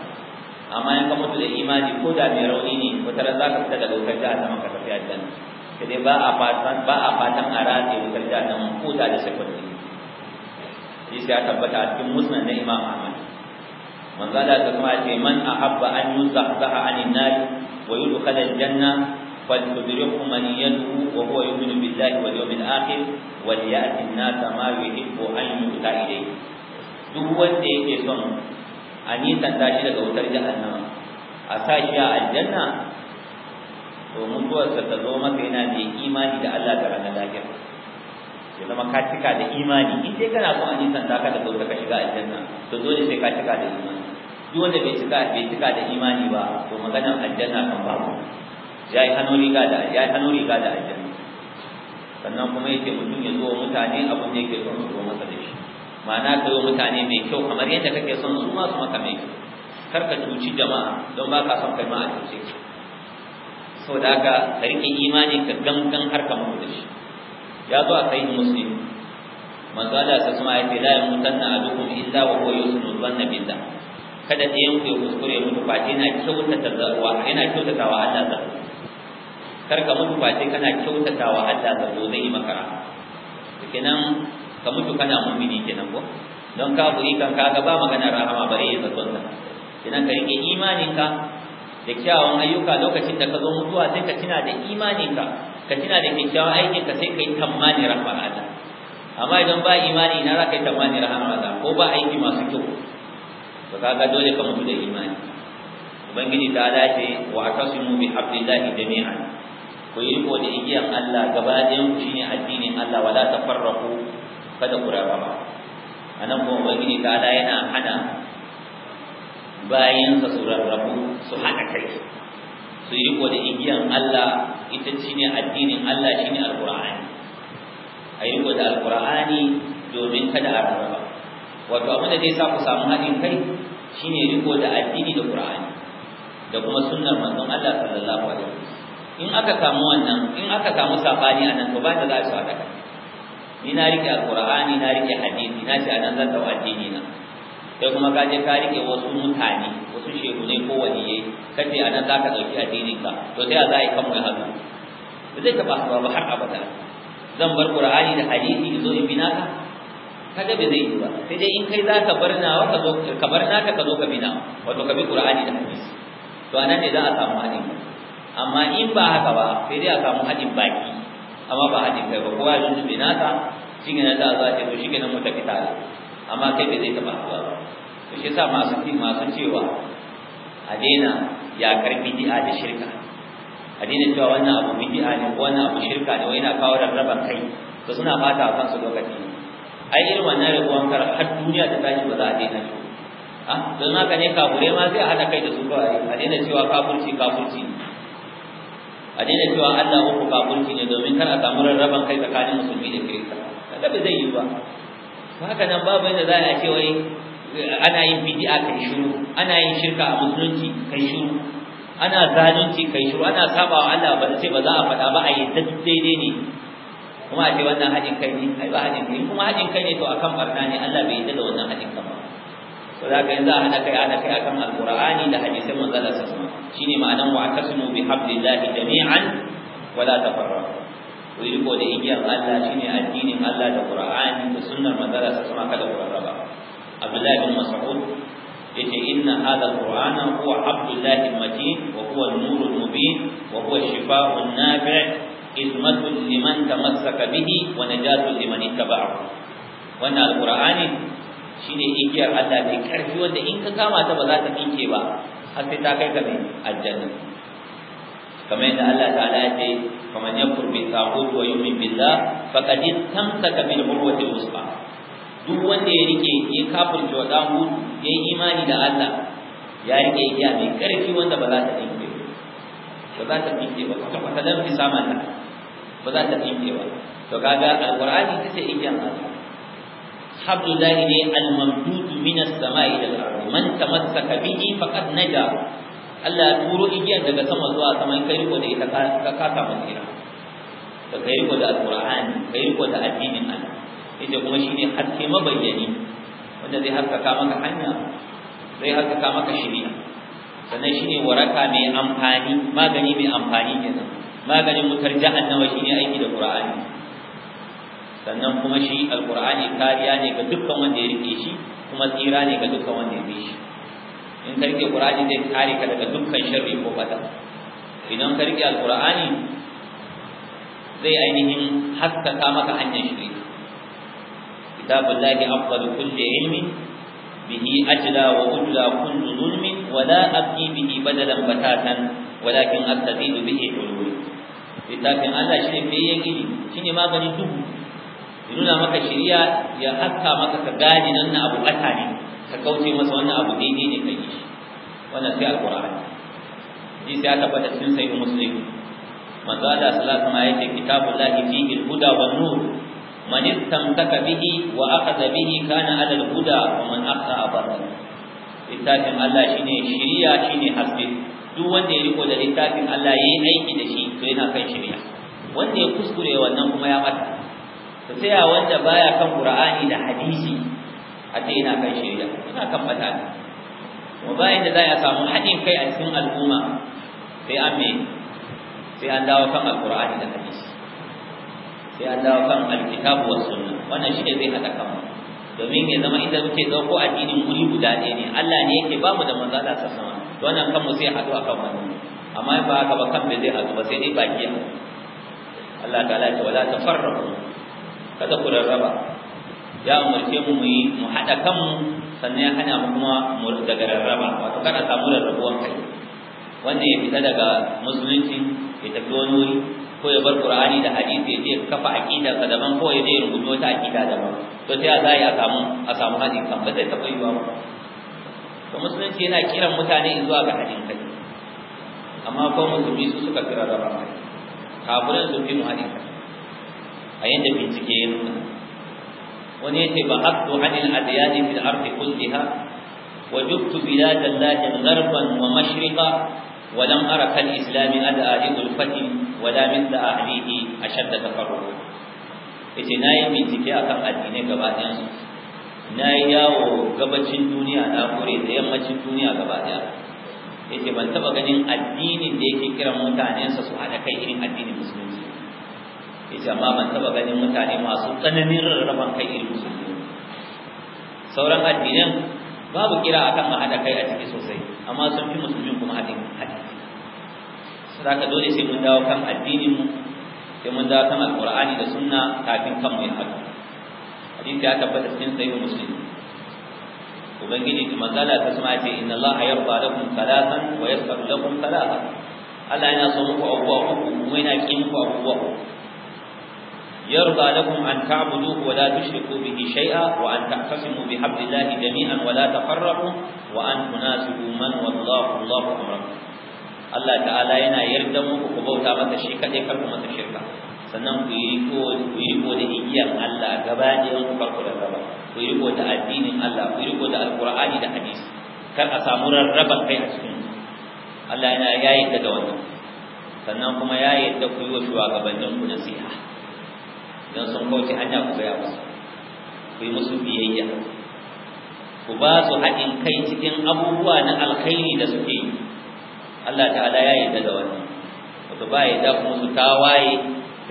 amma in ka mutu da imani ko da mai rauni ne wata ran za ka fita daga wutar jahannama ka tafi aljanna sai dai ba a fatan ba a fatan a rataye wutar jahannama ko da da shakwarci shi sai ya tabbata a cikin musnad na imam ahmad manzo da ta kuma ce man ahabba an yuzahzaha anin nar wa yudkhala aljanna فلتدركه من يدعو وهو يؤمن بالله واليوم الآخر وليأت الناس ما يحب أن يؤتى إليه duk wanda yake son a nisan shi daga wutar jahannama a sa shi a aljanna to mutuwarsa ta zo maka yana da imani da Allah da ranar lahira ya zama ka cika da imani in dai kana son a nisan ka daga wuta ka shiga aljanna to dole sai ka cika da imani duk wanda bai cika bai cika da imani ba to maganar aljanna kan babu yayi hannu riga da yayi hannu riga da aljanna sannan kuma yake mutum ya zo mutane abin da yake son su zo masa da shi ma'ana ka zo mutane mai kyau kamar yadda kake son su ma su maka mai kyau kar ka cuci jama'a don ba ka son kai ma a cuce ka saboda haka ka riƙe imani ka gangan har ka mutu da shi ya zo a kai musulmi manzo Allah sai kuma yace la yamutanna adukum illa wa huwa yusnu dhanna billah kada ɗayan ku ya kuskure mutu ba yana kyautata wa yana kyautata wa Allah kar ka mutu sai kana wa Allah da zo zai maka rahama kenan ka mutu kana mu'mini kenan ko don ka buri kan ka ga ba magana rahama ba ya zaton ka kenan ka rike imanin ka da kyawun ayyuka lokacin da ka zo mutuwa sai ka tuna da imanin ka ka tuna da kyawun aikin ka sai ka yi tamani rahama Allah amma idan ba imani na raka tamani rahama Allah ko ba aiki masu kyau to kaga dole ka mutu da imani ubangiji ta dace wa atasimu bi hablillahi jami'an ku yi riko da igiyan Allah gaba ɗayan ku shine addinin Allah wala ta tafarraqu kada ku raba ba. anan kuma ubangiji ta Allah yana hana bayan sa su rarrabu su haɗa kai su yi riko da igiyan Allah ita shine addinin Allah shine alqur'ani a yi riko da alqur'ani domin kada a rarraba wato abin da zai sa ku samu haɗin kai shine riko da addini da qur'ani da kuma sunnar manzon Allah sallallahu alaihi wasallam in aka samu wannan in aka samu sabani a nan to ba ta za su haɗa kai ni na rike alqur'ani na rike hadisi na ce anan zan dawo addini na sai kuma ka je ka rike wasu mutane wasu shehunai ko wani waliyai kace anan za ka dauki addinin ka to sai a za a yi hannu. mai ba zai taɓa haɗuwa ba har abada zan bar qur'ani da hadisi zo in bina ka kaga bai zai yi ba sai dai in kai za ka bar nawa ka zo ka bar naka ka zo ka bina wato ka bi qur'ani da hadisi to anan ne za a samu hadisi amma in ba haka ba sai dai a samu hadin baki amma ba hadin kai ba kowa ya tuntube nasa shi ne da za ce to shi ne mu tafi tare amma kai bai zai taɓa haɗuwa ba to shi yasa masu fi masu cewa a daina ya karbi di'a da shirka a daina cewa wannan abu bid'a ne ko wannan abu shirka ne wai yana kawo rarraban kai to suna bata a kansu lokaci ai irin wannan rabuwan kar har duniya ta tashi ba za a daina su a ah, don haka ne kafure ma a hada kai da su kawai a daina cewa kafurci kafurci a daina cewa Allah uku kafirci ne domin kar a samu rarraban kai tsakanin musulmi da kirista kada ba zai yi ba haka nan babu yadda za a ce wai eh, ana yin bid'a kai shiru ana yin shirka a musulunci kai shiru ana zalunci kai shiru ana saba wa Allah ba ce ba za a faɗa ba a yi daidai ne kuma a ce wannan haɗin kai ne ai ba haɗin kai kuma haɗin kai ne to akan barna ne Allah bai yarda da wannan haɗin kai ba to da kai za a hada kai a kan akan alqur'ani da hadisin manzon Allah shine ma'anan wa tasmu bi hablillahi jami'an wa la tafarraqu ku yi riko da igiyar Allah shine addinin Allah da qur'ani da sunnar manzon Allah sama kada ku raba Abdullah bin Mas'ud yace inna hadha alqur'ana huwa hablillahi mati, wa huwa an-nurul mubin wa huwa shifaa'un nafi' ismatun liman tamassaka bihi wa najatun liman ittaba'ahu wannan alqur'ani ne igiyar Allah mai karfi wanda in ka kama ta ba za ta ɗinke ba har sai ta kai ka aljanna kamar yadda Allah ta'ala ya ce faman yakfur bi taghut wa yu'min billah faqad istamsaka bil urwati al-wusqa duk wanda ya rike ya kafirce wa taghut ya yi imani da Allah ya rike igiya mai karfi wanda ba za ta ɗinke ba za ta ɗinke ba kwata kwata dan fi samanta ba za ta ɗinke ba to kaga alqur'ani sai igiyar Allah hablullahi ne al-mamdud min as-sama'i da al-ardi man tamassaka bihi faqad naja Allah turo igiyar daga sama zuwa sama kai riko da ita ka ka samu tsira ka kai riko da alqur'ani kai riko da addinin Allah ita kuma shine haske mabayyani wanda zai haskaka maka hanya zai haskaka maka shari'a sannan shine waraka mai amfani magani mai amfani kenan maganin mutar jahannama shine aiki da qur'ani sannan kuma shi alkur'ani kariya ne ga dukkan wanda ya rike shi kuma tsira ne ga dukkan wanda ya bi shi in ka rike qur'ani zai kare ka daga dukkan sharri ko fata idan ka rike alkur'ani zai ainihin haskaka maka hanyar shiri kitabullahi afdalu kulli ilmin به أجلى وأجلى كل ظلم ولا أبكي به بدلا بتاتا ولكن أستزيد به حلول littafin Allah shi ne fayyan gini shi ne maganin duhu ya nuna maka shirya ya haska maka ka gane nan na abu ƙasa ne ka kauce masa wannan abu daidai ne ka yi shi wannan sai alƙur'ani ji sai aka faɗa cikin sahihu muslim manzo Allah sallallahu alaihi wasallam yake kitabullahi fihi al-huda wan nur man istamsaka bihi wa akhadha bihi kana ala al-huda wa man akhta abara littafin Allah shine shiriya shine hasbi duk wanda ya riko da littafin Allah yayi aiki da shi to yana kan shirya. wanda ya kuskure wannan kuma ya bata to a wanda baya kan qur'ani da hadisi a ce ina kan shirya, ina kan bata mu kuma bayan da za ya samu hadin kai a cikin al'umma sai an me sai an dawo kan alqur'ani da hadisi sai an dawo kan alkitabu was sunna wannan shi ne zai haɗa kanmu domin ya zama idan muke dauko addinin muni guda ɗaya ne Allah ne yake bamu da manzala ta sama to wannan kanmu sai haɗu kan wannan amma ba haka ba kan me zai haɗu ba sai dai baki Allah ta'ala ta wala tafarraqu kada ku rarraba ya umarce mu mu yi mu haɗa kanmu sannan ya hana mu kuma mu daga rarraba wato kada samu rarrabuwan kai wannan ya fita daga musulunci ya tafi wani wuri ko ya bar qur'ani da hadisi ya je kafa aqida ka daban ko ya je rubuta wata aqida daban to sai a zai a samu a samu hadin kan ba zai taɓa yiwa ba to musulunci yana kiran mutane zuwa ga hadin kai amma ko musulmi su suka kira rarraba kafirin su fi mu hadin kai a yadda bincike ya nuna wani yace ba abdu anil adiyani fil ardi kulliha wajubtu da allah gharban wa mashriqa wa lam ara kal islam ad'a lil fati wa la min ahlihi Ya ce yace nayi bincike akan addinai gaba ɗaya su nayi yawo gabacin duniya na kure da yammacin duniya gaba ɗaya yace ban taba ganin addinin da yake kiran mutanensa su hada kai irin addinin musulmi yace amma ban taba ganin mutane masu tsananin rarraban kai irin musulmi sauran addinan babu kira akan a haɗa kai a ciki sosai amma sun fi musulmin kuma haɗin haɗi saboda dole sai mun dawo kan addinin mu sai mun dawo kan alqur'ani da sunna kafin kanmu ya haɗu hadisi ya tabbata cikin sahihu muslim ubangiji ta magana ta sama ce inna allaha yarda lakum salatan wa yaghfir lakum salatan Allah yana so muku abubuwa uku kuma yana kin ku abubuwa uku يرضى لكم أن تعبدوه ولا تشركوا به شيئا وأن تعتصموا بحبل الله جميعا ولا تفرقوا وأن تناسبوا من والله الله أمركم Allah ta'ala yana yarda muku ku bauta masa shi kaɗai masa shirka sannan ku yi riko da igiyar Allah gaba ɗayan ku farko da gaba ku yi riko da addinin Allah ku yi riko da alqur'ani da hadisi kar a samu rarraba kai a cikin Allah yana yayin da wannan sannan kuma ya yarda ku yi wa shugabannin ku nasiha idan sun kauce hanya ku gaya musu ku yi musu biyayya ku ba su haɗin kai cikin abubuwa na alkhairi da suke yi Allah ta'ala ya yarda da wani, wato ba yarda kuma su tawaye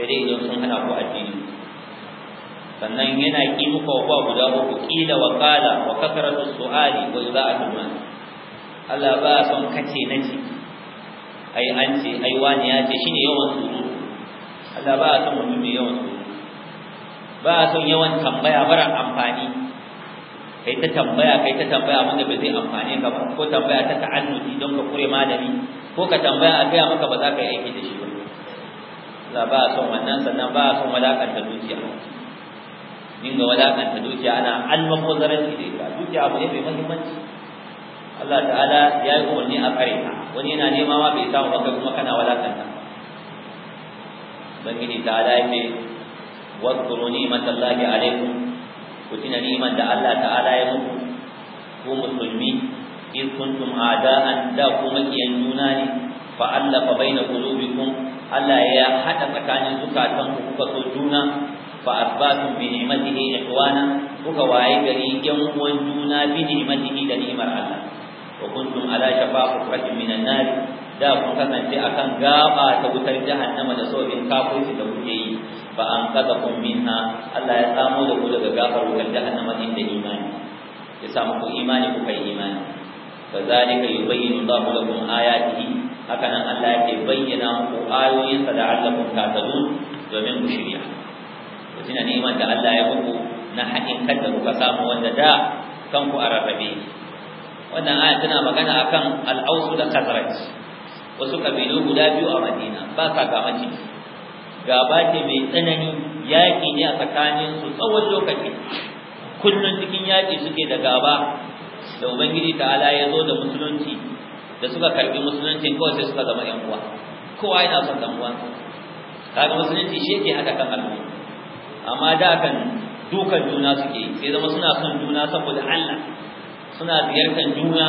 da dai idan sun hana ku addini sannan yana ki muku wa guda uku kila wa qala wa kasratu su'ali wa iza'atul mal Allah ba son kace na nace ai an ce ai wani ya ce shine yawan suru Allah ba son mutum yawan suru ba a son yawan tambaya bara amfani kai ta tambaya kai ta tambaya mun da bai zai amfane ka ba ko tambaya ta ta'annuti don ka kure malami ko ka tambaya a gaya maka ba za ka yi aiki da shi ba za ba a son wannan sannan ba a son wadakanta dukiya ga wadakanta dukiya ana almakozaranci da ita dukiya abu ne mai muhimmanci Allah ta'ala ya yi umarni a kare ta. wani yana nema ma bai samu ba kuma kana wadakanta ubangiji ta'ala ya واذكروا نعمة الله عليكم وتنا نعمة الله تعالى يمكم هو مسلمين إذ كنتم أعداء لا قومة ينجوناني فألف بين قلوبكم ألا يا حتى مكان زكاة فصدونا فأثباتم بنعمته إخوانا وكواعي بريكم وانجونا بنعمته لنعمة الله وكنتم على شفا حفرة من النار da kun kasance akan gaba ta wutar jahannama da sobin kafirci da kuke yi fa anqadakum minha Allah ya samu da ku daga gafar wutar jahannama din da imani ya samu ku imani ku kai imani kazalika yubayyinu Allahu lakum ayatihi haka nan Allah yake bayyana muku ayoyinsa da allakum tahtadun domin ku shirya to tuna neman da Allah ya muku na haɗin kan da kuka samu wanda da kanku a rarrabe wannan aya tana magana akan al-ausu da khazraj wasu kabilu guda biyu a Madina ba sa ga maciji gaba ce mai tsanani yaƙi ne a tsakanin su tsawon lokaci kullum cikin yaƙi suke da gaba da ubangiji ta'ala ya zo da musulunci da suka karbi musulunci kawai sai suka zama yan uwa kowa yana son dan uwansa kaga musulunci shi yake hada kan al'umma amma da kan dukan juna suke sai zama suna son juna saboda Allah suna ziyartar juna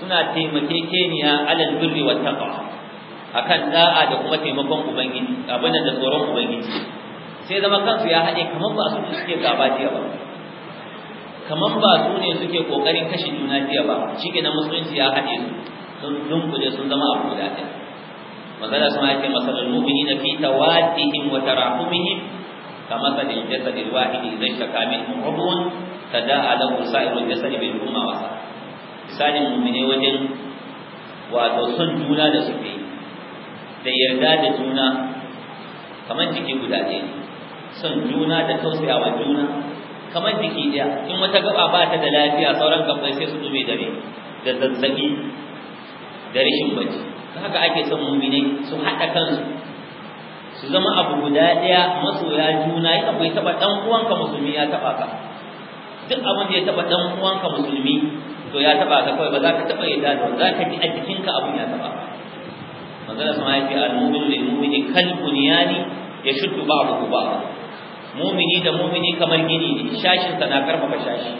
suna taimakekeniya alal birri wa taqwa akan da'a da kuma taimakon ubangiji abin da tsoron ubangiji sai zama kansu ya haɗe kamar ba su suke gaba jiya ba kamar ba su ne suke kokarin kashe juna jiya ba ke na musulunci ya haɗe su sun dunkule sun zama abu guda ɗaya magana sun yake masalar mu'mini na fi tawadihim wa tarahumihim kama da lil jasad al wahid idan shaka min hubun tada'a lahu sa'irul jasad bil umma wasa misalin mu'mine wajen wato son juna da su da yarda da juna kamar jiki guda ɗaya son juna da tausayawa juna kamar jiki ɗaya in wata gaba ba ta da lafiya sauran gabbai sai su zube da da zazzaɓi da rashin bacci haka ake son muminai su haɗa kansu su zama abu guda ɗaya masoya juna abu. Ya taɓa ɗan uwanka musulmi ya taɓa ka duk abin da ya taɓa ɗan uwanka musulmi to ya taɓa ka kawai ba za ka taɓa yadda da za ka ji a jikinka abin ya taɓa ka manzala sama ya ce al-mu'minu lil mu'mini kal bunyani yashuddu ba'dahu ba'd mu'mini da mu'mini kamar gini ne shashin sa na karfafa shashi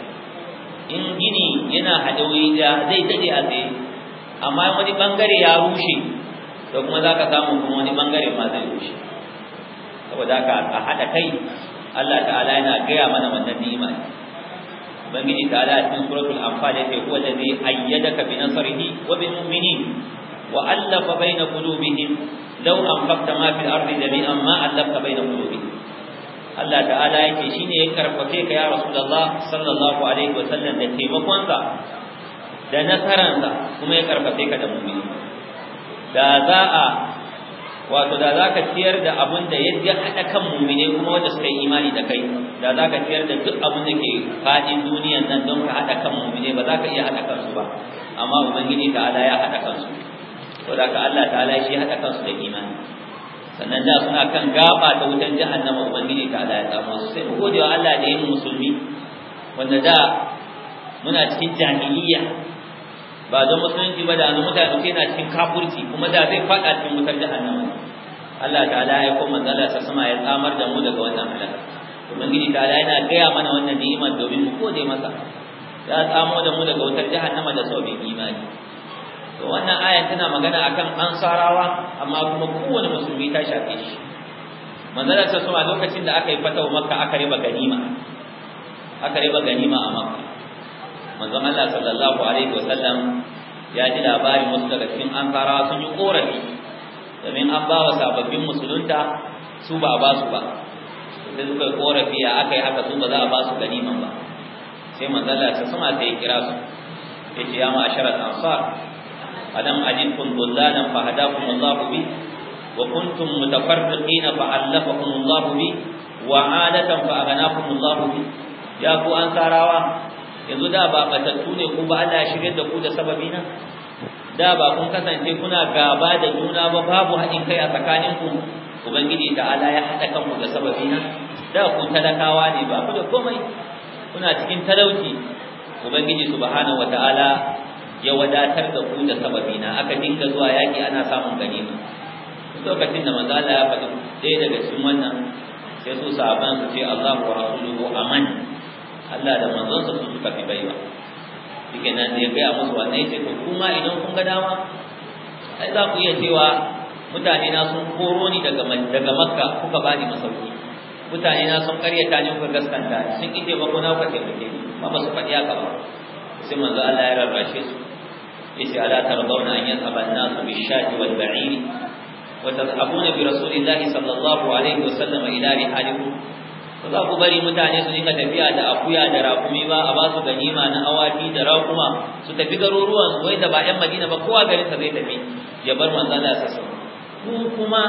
in gini yana hada wuri da zai dade a tsaye amma wani bangare ya rushe to kuma zaka samu kuma wani bangare ma zai rushe saboda haka a hada kai Allah ta'ala yana gaya mana wannan ni'ima ubangiji ta'ala a cikin suratul anfal yace huwa allazi ayyadaka bi nasrihi wa bil mu'minin وألف بين قلوبهم لو أنفقت ما في الأرض جميعا ما ألفت بين قلوبهم Allah ta'ala yake shine ya karfafe ka ya Rasulullah sallallahu alaihi wa sallam da taimakonsa da nasaransa kuma ya karfafe ka da mu'mini da za a wato da za ka ciyar da abin da ya haɗa kan mu'mini kuma wanda suka yi imani da kai da za ka ciyar da duk abin da ke faɗin duniyan nan don ka haɗa kan mu'mini ba za ka iya haɗa kansu ba amma ubangiji ta'ala ya haɗa kansu saboda ka Allah ta'ala shi hada kansu da imani sannan da suna kan gaba ta wutan jahannama ubangiji ta Allah ya tsamo su sai gode wa Allah da yin musulmi wanda da muna cikin jahiliya ba don musulunci ba da yanzu mutane sai na cikin kafurci kuma da zai fada cikin wutar jahannama Allah ta'ala ya kuma manzala ta sama ya tsamar da mu daga wannan halaka ubangiji ta'ala yana gaya mana wannan ni'imar domin mu gode masa ya tsamo da mu daga wutar jahannama da sauƙin imani to wannan ayan tana magana akan ansarawa amma kuma kowanne musulmi ta shafe shi manzara ta a lokacin da aka yi fatawa makka aka riba ganima aka riba ganima a makka manzo Allah sallallahu alaihi wasallam ya ji labarin wasu daga cikin ansarawa sun yi korafi domin an ba wa sababbin musulunta su ba ba su ba sai suka yi korafi a aka yi haka su ba za a ba su ganiman ba sai manzala ta sama ta ya kira su ya ce ya ma'asharar ansar alam ajidkum dhullalan fa hadakum Allahu bi wa kuntum mutafarriqin fa allafakum Allahu bi wa adatan fa aghnakum Allahu bi ya ku an yanzu da ba batattu ne ku ba Allah ya shirye da ku da sababina da ba kun kasance kuna gaba da juna ba babu haɗin kai a tsakaninku ubangiji da ala ya haɗa kanku da sababina da ku talakawa ne ba ku da komai kuna cikin talauci ubangiji subhanahu wataala ya wadatar da ku da sababina aka dinga zuwa yaki ana samun ganima lokacin da manzo Allah ya faɗi ɗaya daga cikin wannan sai su sahaban su ce Allahu wa rasuluhu aman Allah da manzon sa su suka fi baiwa dike nan da ya gaya musu wannan sai ko kuma idan kun ga dama ai za ku iya cewa mutane na sun koro ni daga daga Makka kuka bani masauki mutane na sun karyata ni kuka gaskanta sun ije ba ku na ku taimake ba ba su faɗi haka ba sai manzo Allah ya rarrashe su yace ala tardawna an yadhhaba an-nasu bish-shati wal-ba'ir wa tadhhabuna bi rasulillahi sallallahu alaihi wasallam ila rihalikum ba za ku bari mutane su nika tafiya da akuya da rakumi ba a ba su ganima na awaki da rakuma su tafi garuruwan wai da bayan madina ba kowa garin sa zai tafi ya bar manzon Allah kuma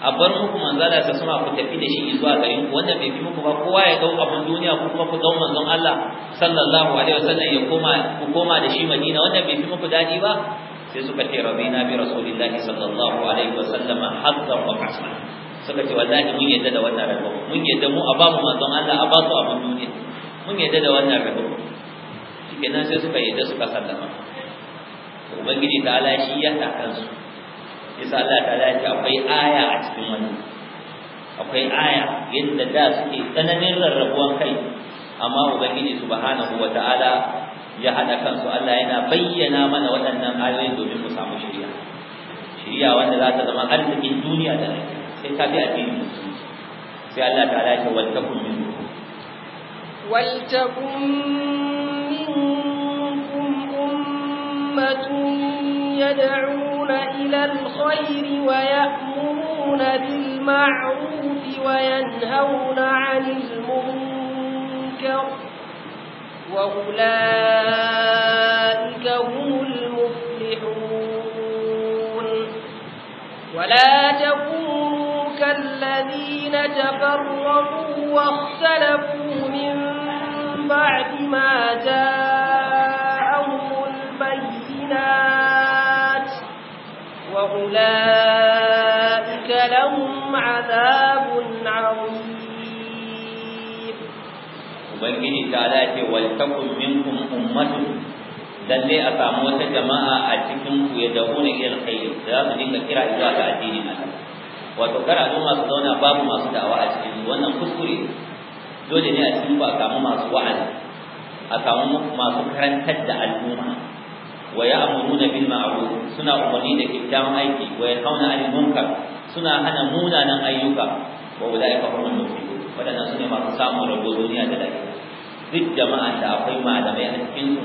a bar muku manzala ta sama ku tafi da shi zuwa gari wannan bai fi muku ba kowa ya dau abin duniya ku kuma ku dau manzon Allah sallallahu alaihi wasallam ya koma ku koma da shi Madina wannan bai fi muku dadi ba sai suka ce rabina bi rasulillahi sallallahu alaihi wasallam hatta wa hasana suka ce wallahi mun yadda da wannan rabo mun yadda mu a bamu manzon Allah a ba su abin duniya mun yadda da wannan rabo kenan sai suka yadda suka sallama ubangiji ta ala shi ya ta kansu yasa Allah ta dace akwai aya a cikin wannan akwai aya yadda da suke tsananin rarrabuwan kai amma ubangiji subhanahu wataala ya hada kansu Allah yana bayyana mana waɗannan ayoyi domin mu samu shiriya shiriya wanda za ta zama arzikin duniya da lafiya sai ta bi addinin musulunci sai Allah ta dace wal minkum يدعون إلى الخير ويأمرون بالمعروف وينهون عن المنكر وأولئك هم المفلحون ولا تكونوا كالذين تفرقوا واختلفوا من بعد ما جاءوا أولئك لهم عذاب عظيم وبنجد تعالى ولتكن منكم أمة lalle a samu wata jama'a a cikin ku ya dauna irin kai za su dinga kira zuwa addinin wato kar al'umma zauna babu masu dawa a cikin wannan kuskure dole ne a cikin ba a masu a masu karantar da al'umma wa ya'muruna bil ma'ruf suna umarni da kyakkyawan aiki Waya yanhauna 'anil munkar suna hana munanan ayyuka wa ulaika humul muflihun wadannan sune masu samun rabo duniya da lafiya duk jama'an da akwai malamai a cikin su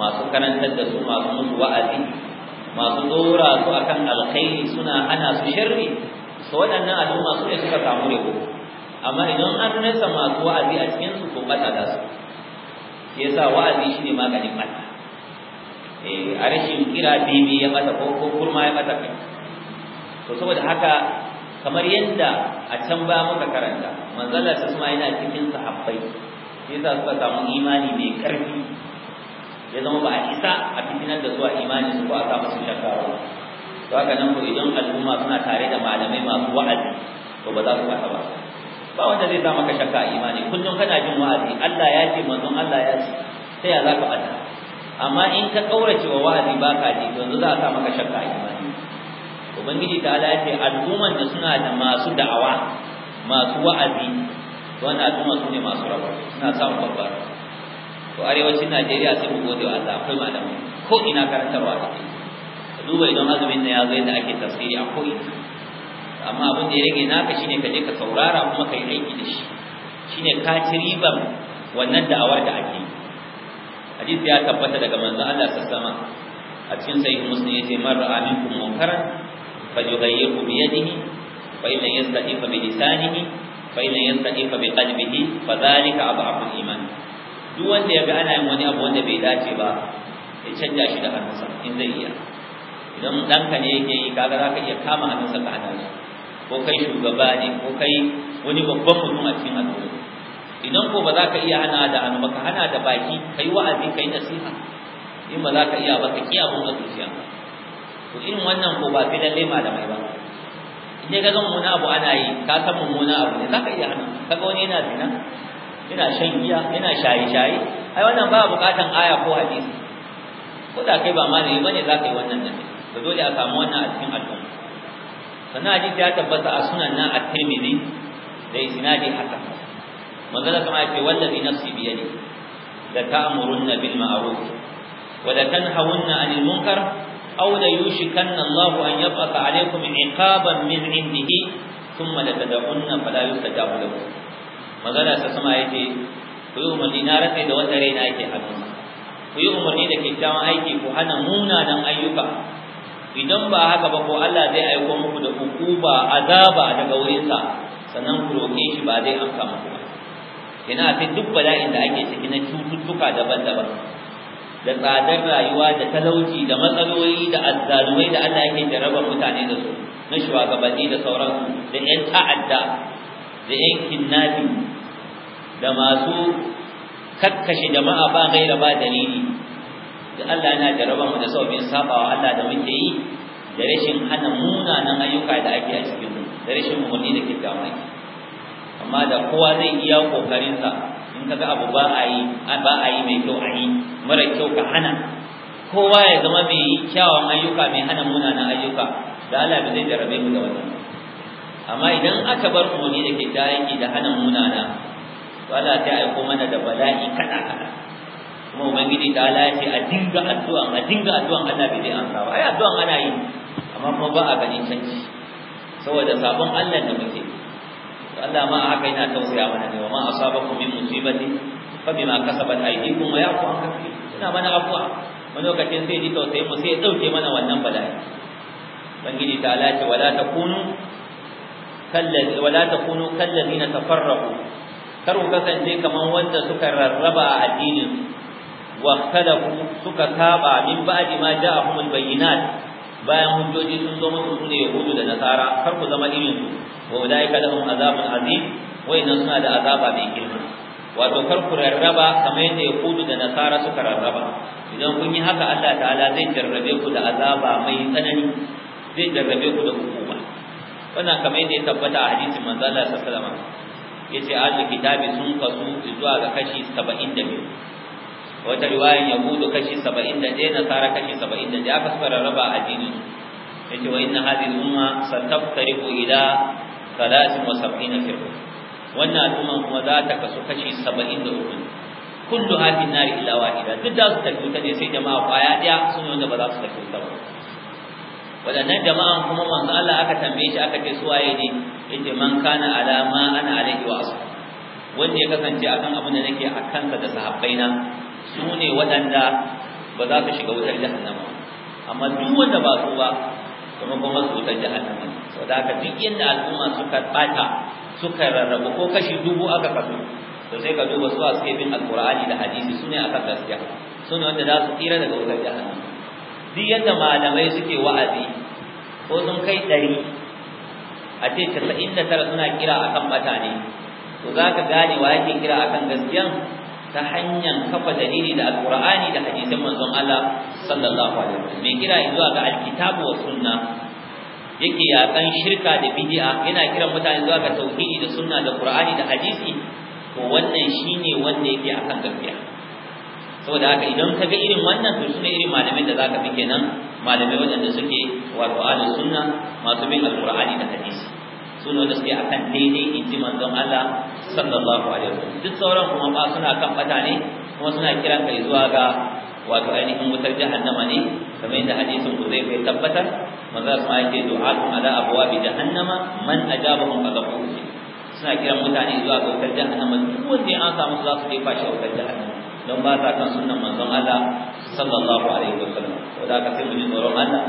masu karantar da su masu musu wa'azi masu dora akan alkhairi suna hana su sharri su waɗannan al'umma su ne suka samu rabo amma idan an masu wa'azi a cikin su wa'azi shine maganin bata Eh, a rashin kira bibi ya mata ko ko kurma ya mata kai to saboda haka kamar yadda a can ba muka karanta manzala ta suma yana cikin sahabbai yasa suka samu imani mai karfi ya zama ba a isa a fitinar da zuwa imani su ko a sa musu shakka to haka nan ko idan al'umma suna tare da malamai masu wa'azi to ba za su bata ba ba wanda zai sa maka shakka imani kullum kana jin wa'azi Allah ya ce manzon Allah ya ce sai ya zaka bata amma in ka kaurace wa wa'azi ba ka ji to yanzu za a sa maka shakka a imani ubangiji ta ala ce al'umman da suna da masu da'awa masu wa'azi wannan al'umma su ne masu raba suna samun babbar to arewacin najeriya sai mu gode wa allah akwai malamai ko ina karantarwa take duba idan azumin na ya zo yadda ake tafsiri a ko ina amma abin da ya rage naka shine ka je ka saurara kuma ka yi aiki da shi shine ka ci ribar wannan da'awar da ake yi hadisi ya tabbata daga manzo Allah sallama a cikin sahih muslim yace man ra'a minkum munkaran falyughayyirhu bi yadihi fa in yastati fa bi lisanihi fa in yastati fa bi qalbihi fa dhalika adhafu al-iman duk wanda ya ga ana yin wani abu wanda bai dace ba ya canja shi da hannunsa in zai iya idan danka ne yake yi kaga zaka iya kama hannunsa ka hada shi ko kai shugaba ne ko kai wani babban mutum a cikin al'umma idan ko ba za ka iya hana da hannu ba ka hana da baki ka yi wa'azi ka yi nasiha in ba za ka iya ba ka ƙi abun da zuciya to irin wannan ko ba sai lalle malamai ba in dai ka ga mummuna abu ana yi ka san mummuna abu ne za ka iya hana ka ga wani yana zina yana shan giya yana shaye-shaye ai wannan ba buƙatan aya ko hadisi ko da kai ba malami bane za ka yi wannan ne to dole a samu wannan a cikin al'umma sannan ta tabbata a sunan na at-Tirmidhi da isnadi haka. manzala kama ya ce wallazi nafsi bi yadi la ta'murunna bil ma'ruf wa la tanhawunna 'anil munkar aw la yushikanna Allah an yab'atha 'alaykum 'iqaban min 'indihi thumma la tad'unna fala yustajabu lakum manzala sa sama ya ce ku yi umarni na ratsai da wata raina yake hannunsa ku yi umarni da kyakkyawan aiki ku hana munanan ayyuka idan ba haka ba ko Allah zai aiko muku da hukuba azaba daga wurinsa sannan ku roke shi ba zai amsa muku ba ina fi duk bala'in da ake ciki na cututtuka daban-daban da tsadar rayuwa da talauci da matsaloli da azzalumai da Allah yake jarraba mutane da su na shugabanni da sauransu da yan ta'adda da yan kinnafi da masu kakkashe jama'a ba gaira ba dalili da Allah yana jarraba mu da sabbin sabawa Allah da muke yi da rashin hana munanan ayyuka da ake a cikin da rashin umarni da kyakkyawan aiki amma da kowa zai iya kokarinsa in ga abu ba a yi ba a yi mai kyau a yi mara kyau ka hana kowa ya zama mai kyawun ayyuka mai hana munana ayyuka da Allah ba zai jarabe mu da wannan amma idan aka bar umarni da ke da hana munana to Allah ta aiko mana da bala'i kada kada kuma ubangiji da Allah ce a dinga addu'a a dinga addu'a Allah bai amsa ba ai addu'a ana yi amma kuma ba a ganin canji saboda sabon Allah da muke Allah ma a haka yana tausaya mana ne wa ma asabakum min musibati fa bima kasabat aydikum wa yafu an kafi ina mana afwa wani lokacin sai ji tausayi mu sai dauke mana wannan bala'i bangiji ta alace wala takunu kallazi wala takunu kallazina tafarraqu kar ku kasance kaman wanda suka rarraba a addinin wa khalafu suka saba min ba'di ma ja'ahumul bayyinat bayan hujjoji sun zo musu ne yahudu da nasara kar ku zama irin su wa ulaika lahum azabun azim wayannan suna da azaba mai girma wato kar ku rarraba kamar yadda yahudu da nasara suka rarraba idan kun yi haka Allah ta'ala zai jarrabe ku da azaba mai tsanani zai jarrabe ku da hukuma wannan kamar yadda ya tabbata a hadisin manzo Allah sallallahu alaihi wasallam yace ahlul kitabi sun kasu zuwa ga kashi 72 wata riwayan yahudu kashi 71 nasara kashi 71 aka suka rarraba addinin yace wa inna hadhihi al-umma sataftariqu ila 73 firqa wannan al'umma kuma za ta kasu kashi 73 kullu hadin nari illa wahida duk da su tafi ta ne sai jama'a kwaya daya sun wanda ba za su tafi ta ba wadannan jama'an kuma manzo Allah aka tambaye shi aka ce su waye ne yace man kana alama ana alaihi wa ashabi wanda ya kasance akan abin da nake akan sa da sahabbaina su ne waɗanda ba za su shiga wutar jahannama amma duk wanda ba su ba kuma kuma su wutar jahannama saboda haka duk yadda al'umma suka bata suka rarrabu ko kashi dubu aka kasu to sai ka duba su a suke bin alqur'ani da hadisi su ne akan gaskiya su ne wanda za su tsira daga wutar jahannama duk yadda malamai suke wa'azi ko sun kai ɗari a ce casa'in da tara suna kira akan mutane to za ka gane wa yake kira akan gaskiyan ta hanyar kafa dalili da alqur'ani da hadisin manzon Allah sallallahu alaihi wasallam me kira zuwa ga alkitabu wa sunna yake yakan shirka da bid'a yana kiran mutane zuwa ga tauhidi da sunna da qur'ani da hadisi to wannan shine wanda yake akan gaskiya saboda haka idan ka ga irin wannan to shine irin malamai da zaka bi kenan malamai waɗanda suke wato ahlus sunna masu bin alqur'ani da hadisi sune wanda suke akan daidai inji manzon Allah sallallahu alaihi wasallam duk sauran kuma ba suna kan bata ne kuma suna kiran kai zuwa ga wato ainihin wutar jahannama ne kamar yadda hadisin ku zai bai tabbatar manzo kuma yake du'a ala abwabi jahannama man ajabahum faqabu suna kiran mutane zuwa ga wutar jahannama duk wanda ya samu za su jefa shi wutar jahannama don ba ta kan sunnan manzon Allah sallallahu alaihi wasallam wanda ka sai mu ji tsoron Allah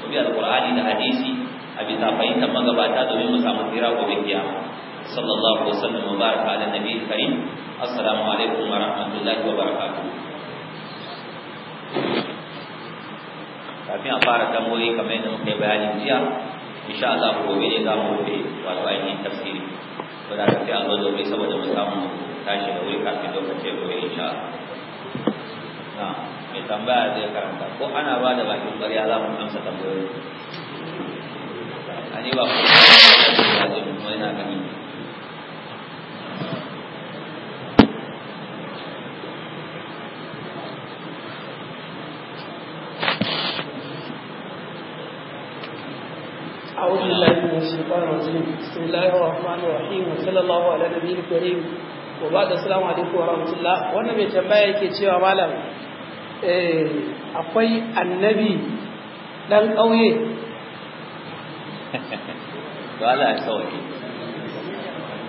ko bi alqur'ani da hadisi a bisa fahimtar magabata domin mu samu tsira gobe kiyama sallallahu alaihi wasallam wa baraka ala nabiyil karim assalamu alaikum wa rahmatullahi wa barakatuh kafin a fara tambayoyi kamar yadda muka yi bayanin jiya insha Allah gobe ne za mu rufe wato ainihin tafsiri to da tafi saboda mu samu tashi da wuri kafin lokacin gobe insha Allah mai tambaya zai karanta ko ana ba da bakin ƙwarya za mu amsa tambayoyi ani ba ku na أعوذ بالله من الشيطان الرجيم بسم الله الرحمن الرحيم وصلى الله على النبي الكريم وبعد السلام عليكم ورحمة الله wannan mai tambaya yake cewa malam akwai annabi dan ƙauye to Allah ya sauke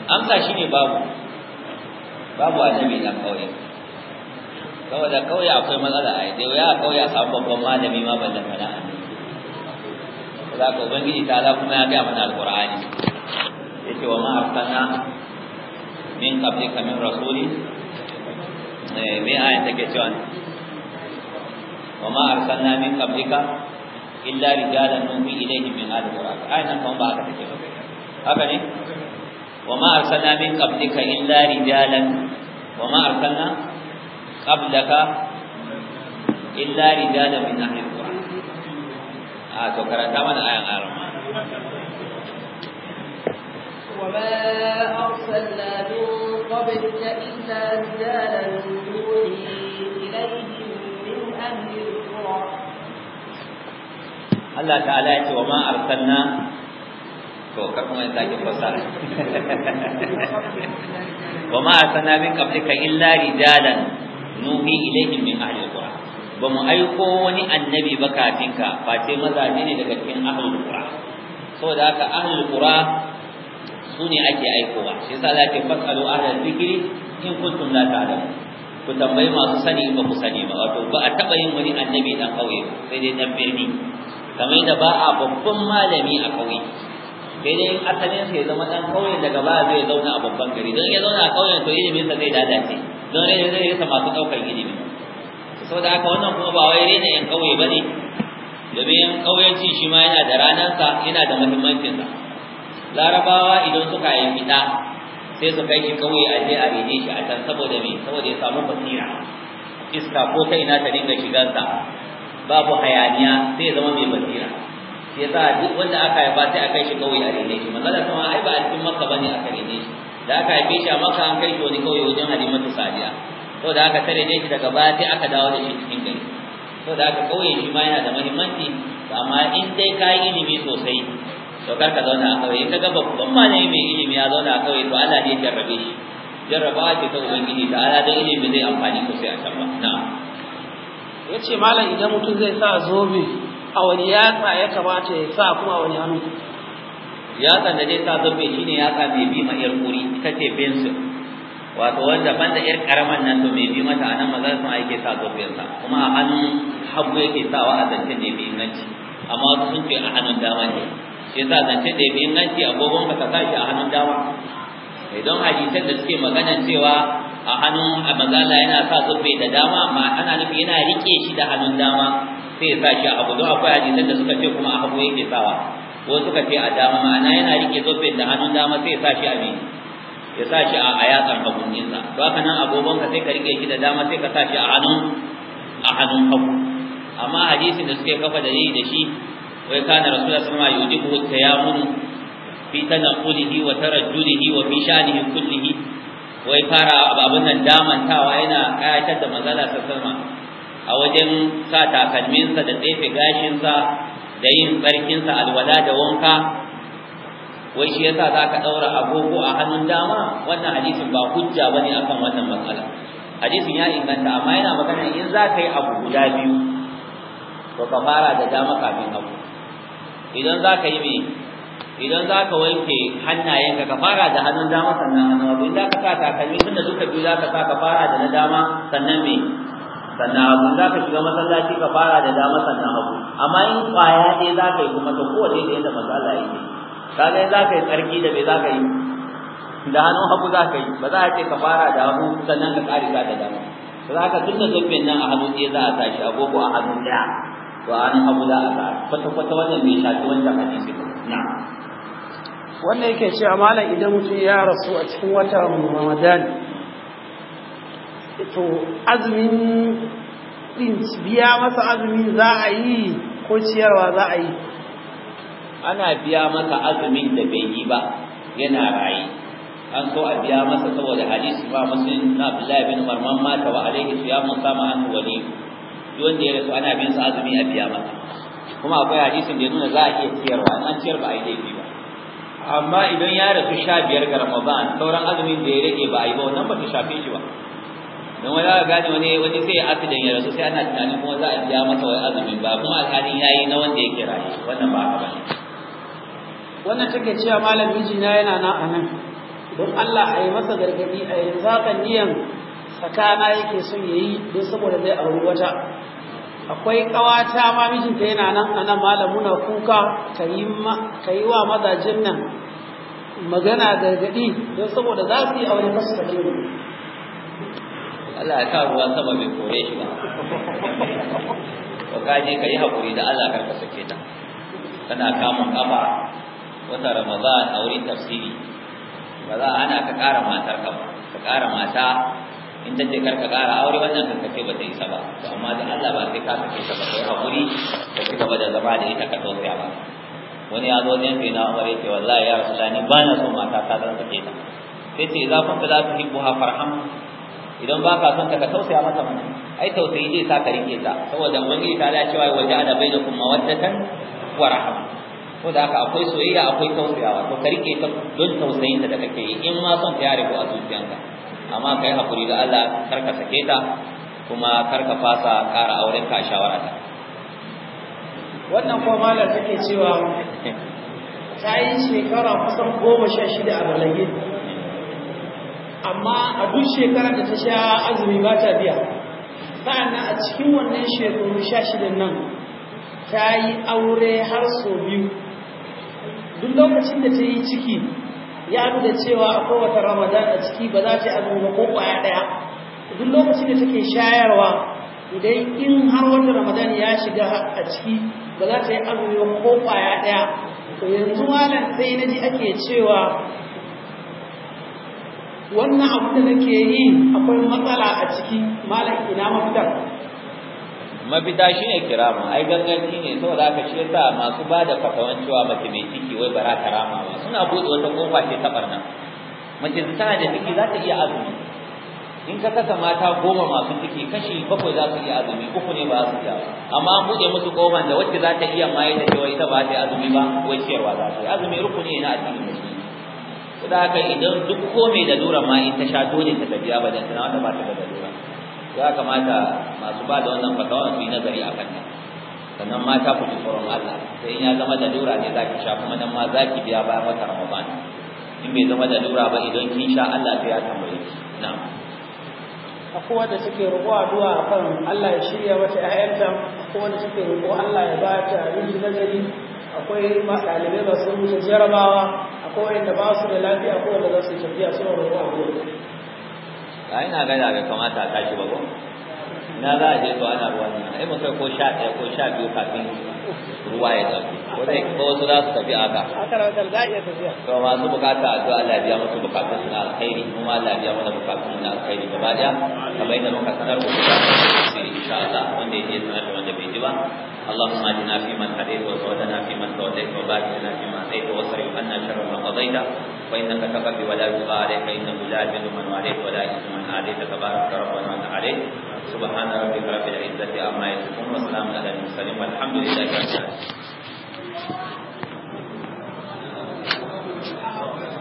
amsa shine babu babu annabi dan ƙauye saboda ƙauye akwai matsala ai dai ya ƙauye a samu babban malami ma ban da ballan kana za ka ubangiji ta ala kuma ya gaya mana alqur'ani yace wa ma min qablika min rasuli eh ayin ta ke cewa wa ma arsalna min qablika illa rijalan nuhi ilayhim min ahli alqur'an ayan kuma ba haka take ba haka ne wa ma arsalna min qablika illa rijalan wa ma arsalna qablaka illa rijalan min ahli a to karanta mana ayan arama وما أرسلنا من قبلك إلا رجالا نوحي إليهم من أهل القرى الله تعالى وما أرسلنا to kuma sake fasara wa ma arsalna min qablika illa rijalan nuhi ilayhim min ahli ba mu aiko wani annabi ba kafin ka ba sai mazaje ne daga cikin ahlul qura saboda haka ahlul qura su ne ake aikowa shi yasa za ta fasalu ahlul zikri in kuntum la ta'lam ku tambayi masu sani ba ku sani ba wato ba a taba yin wani annabi dan kauye sai dai dan birni kamar da ba a babban malami a kauye sai dai asalin sai ya zama dan kauye daga ba zai zauna a babban gari don ya zauna a kauye to ilimin sa zai lalace don ne zai rasa masu daukar ilimi saboda haka wannan kuma ba wai rena yan kauye bane domin yan kauyanci shi ma yana da ranarsa yana da muhimmancinsa larabawa idan suka yi fita sai su kai shi kauye a je a rene shi a can saboda me saboda ya samu basira iska ko ta ina ta dinga shigarsa babu hayaniya sai ya zama mai basira za a duk wanda aka ba sai a kai shi kauye a rene shi maza da sama ai ba a cikin makka bane aka rene shi da aka haife shi a makka an kai shi wani kauye wajen halimatu sadiya to da aka tare da shi daga baya sai aka dawo da shi cikin gari to da aka kauye shi ma yana da muhimmanci amma in dai ka yi ilimi sosai to ka zauna a kauye kaga babban malami mai ilimi ya zauna a kauye to Allah ne ya jarrabe shi jarrabawa ce ta ubangiji da Allah ilimi zai amfani sosai a can ba ya ce malam idan mutum zai sa zobe a wani yatsa ya kamata ya sa kuma a wani hannu Siyasa da zai sa zobe shine yatsa mai bi ma yar kuri ita ce wato wanda banda yar karaman nan to mai bi mata anan maza sun aike sa kofiyarsa kuma a hannun hagu yake sawa a zancen da nan inganci amma wasu sun ce a hannun dama ne shi yasa zance da nan inganci agogon ka sa shi a hannun dama idan hadisan da suke magana cewa a hannun mazala yana sa kofi da dama amma ana nufi yana rike shi da hannun dama sai ya sa shi a hagu don akwai hadisan da suka ce kuma a hagu yake sawa ko suka ce a dama ma'ana yana rike zobin da hannun dama sai ya sa shi a mai ya sa shi a yatsan hagun nesa haka nan agogonka sai ka rike shi da dama sai ka sa shi a hannun a hannun hagu amma hadisin da suke kafa dalili da shi wai kana rasulullah sallallahu alaihi wasallam yujibu tayammun fi tanaqulihi wa tarajjulihi wa fi sha'nihi kullihi wai fara ababun nan damantawa yana kayatar da mazala sallallahu a wajen sa takalminsa da tsefe gashinsa da yin tsarkinsa alwala da wanka wai shi yasa za ka ɗaura agogo a hannun dama wannan hadisin ba hujja bane akan wannan matsala hadisin ya inganta amma yana magana in za ka yi abu guda biyu to ka fara da dama kafin abu idan za ka yi me idan za ka wanke hannayenka ka fara da hannun dama sannan hannun abu idan za ka sa takalmi tunda duka biyu za ka sa ka fara da na dama sannan me sannan abu za ka shiga masallaci ka fara da dama sannan abu amma in kwaya ɗaya za ka yi kuma kowace ɗaya da yadda matsala yake kaga za ka yi tsarki da me za ka yi da hannun haku za ka yi ba za a ce ka fara da hagu sannan ka ka da dama ba za ka tunda da zubbin nan a hannu ɗaya za a tashi agogo a hannu ɗaya to a hannun hagu za a sa kwata-kwata wannan mai shafi wancan hadisi ba na wannan yake ce a malam idan mutum ya rasu a cikin watan ramadan to azumin din biya masa azumi za a yi ko ciyarwa za a yi ana biya masa azumin da bai yi ba yana rayi an so a biya masa saboda hadisi ba muslim na abdullahi bin umar man mata wa alaihi mun sama an wali wanda ya rasu ana bin sa azumi a biya masa kuma akwai hadisin da ya nuna za a iya ciyarwa an ciyar ba a yi laifi ba amma idan ya rasu sha biyar ga ramadan sauran azumin da ya rage ba a yi ba wannan ba ta shafe shi ba don wani aka gane wani wani sai ya asidan ya rasu sai ana tunanin kuma za a biya masa wani azumin ba kuma alhalin yayi na wanda yake raye wannan ba haka ba wannan take cewa malam mijina yana nan anan nan don Allah a masa gargadi a yanzu haka niyan sakana yake son yayi yi don saboda zai auri wata akwai ƙawata ma mijinta yana nan anan nan malamuna kuka ka yi wa mazajen nan magana gargadi don saboda za su yi aure su sake Allah ya kawo ruwa sama bai kore shi ba ko kaje ka da Allah karka sake ta tana kamun kafa wata ramadan a wurin tafsiri ba za a hana ka kara matar ka ka kara mata in ta ce kar ka kara aure wannan kan kace ba ta isa ba to amma da Allah ba sai ka kace ta ba sai hakuri ka ci gaba da zama da ita ka tausaya ba wani ya zo ne sai na amare ke wallahi ya ni ba na so mata ta zan sake ta sai ce da ku la ha farham idan ba ka son ta ka tausaya mata ba ai tausayi zai sa ka rike ta saboda ubangiji ta dace wa waje da bainakum mawaddatan wa rahma ko da haka akwai soyayya akwai tausayawa to ka rike ta don tausayin da kake yi in ma son ta yare ko a zuciyanka amma kai hakuri da Allah kar ka sake ta kuma kar ka fasa ƙara auren ka a shawara ta wannan ko malam take cewa ta yi shekara kusan goma sha shida a balage amma a duk shekara da ta sha azumi ba ta biya sa'annan a cikin wannan shekaru sha shidan nan ta yi aure har sau biyu duk lokacin da ta yi ciki ya da cewa akwai wata ramadan a ciki ba za ta yi ko kwaya ɗaya duk lokacin da take shayarwa idan in har wata ramadan ya shiga a ciki ba za ta yi azumi ko kwaya ɗaya to yanzu malam sai na ji ake cewa wannan abu da nake yi akwai matsala a ciki malam ina mafitar mabida shine kirama ai ganganci ne saboda haka ce ta masu bada fatawan cewa mace mai ciki wai bara karama ba suna buɗe wata kofa ce ta barna mace tana da ciki za ta iya azumi in ka kasa mata goma masu ciki kashi bakwai za su iya azumi uku ne ba su iya amma an buɗe musu kofan da wacce za ta iya maye da cewa ita ba ta azumi ba wai ciyarwa za ta yi azumi rukuni na addini ne saboda haka idan duk komai da dora ma in ta sha dole ta tafi abadan tana wata ba ta da dora. ya kamata masu ba da wannan fatawa su yi nazari a kanta sannan mata ku ji tsoron Allah sai ya zama lalura ne zaki sha kuma nan ma zaki biya ba wata Ramadan in bai zama lalura ba idan kin sha Allah sai ya tambaye ki na'am akwai wanda take roƙo addu'a akan Allah ya shirya mata 'ya'yanta akwai wanda take roƙo Allah ya ba ta miji nazari akwai ma ɗalibai masu rubuta jarabawa akwai wanda ba su da lafiya ko wanda za su tafiya suna roƙo addu'a ai na ga da bai kamata a tashi ba ko na za a je to ana ruwa ne ai mun kai ko sha ɗaya ko sha biyu kafin ruwa ya zo ko dai ko wasu za su tafi aka aka na za ya tafi tafiya to masu bukata a addu'a Allah ya musu bukatun suna alkhairi kuma Allah ya mana bukatun suna alkhairi gaba daya kamar yadda muka sanar da su insha Allah wanda yake sanar da wanda bai ji ba اللهم اهدنا فيمن هديت وزودنا فيمن توليت وبارك لنا فيما اتيت واصرف عنا شر ما قضيت وإنك تقضي ولا يقضى عليك إنه لا يذل من واليك ولا يعز من عليك تبارك ربنا وتعالى سبحان ربك رب العزة عما يصفون وسلام على المرسلين والحمد لله رب العالمين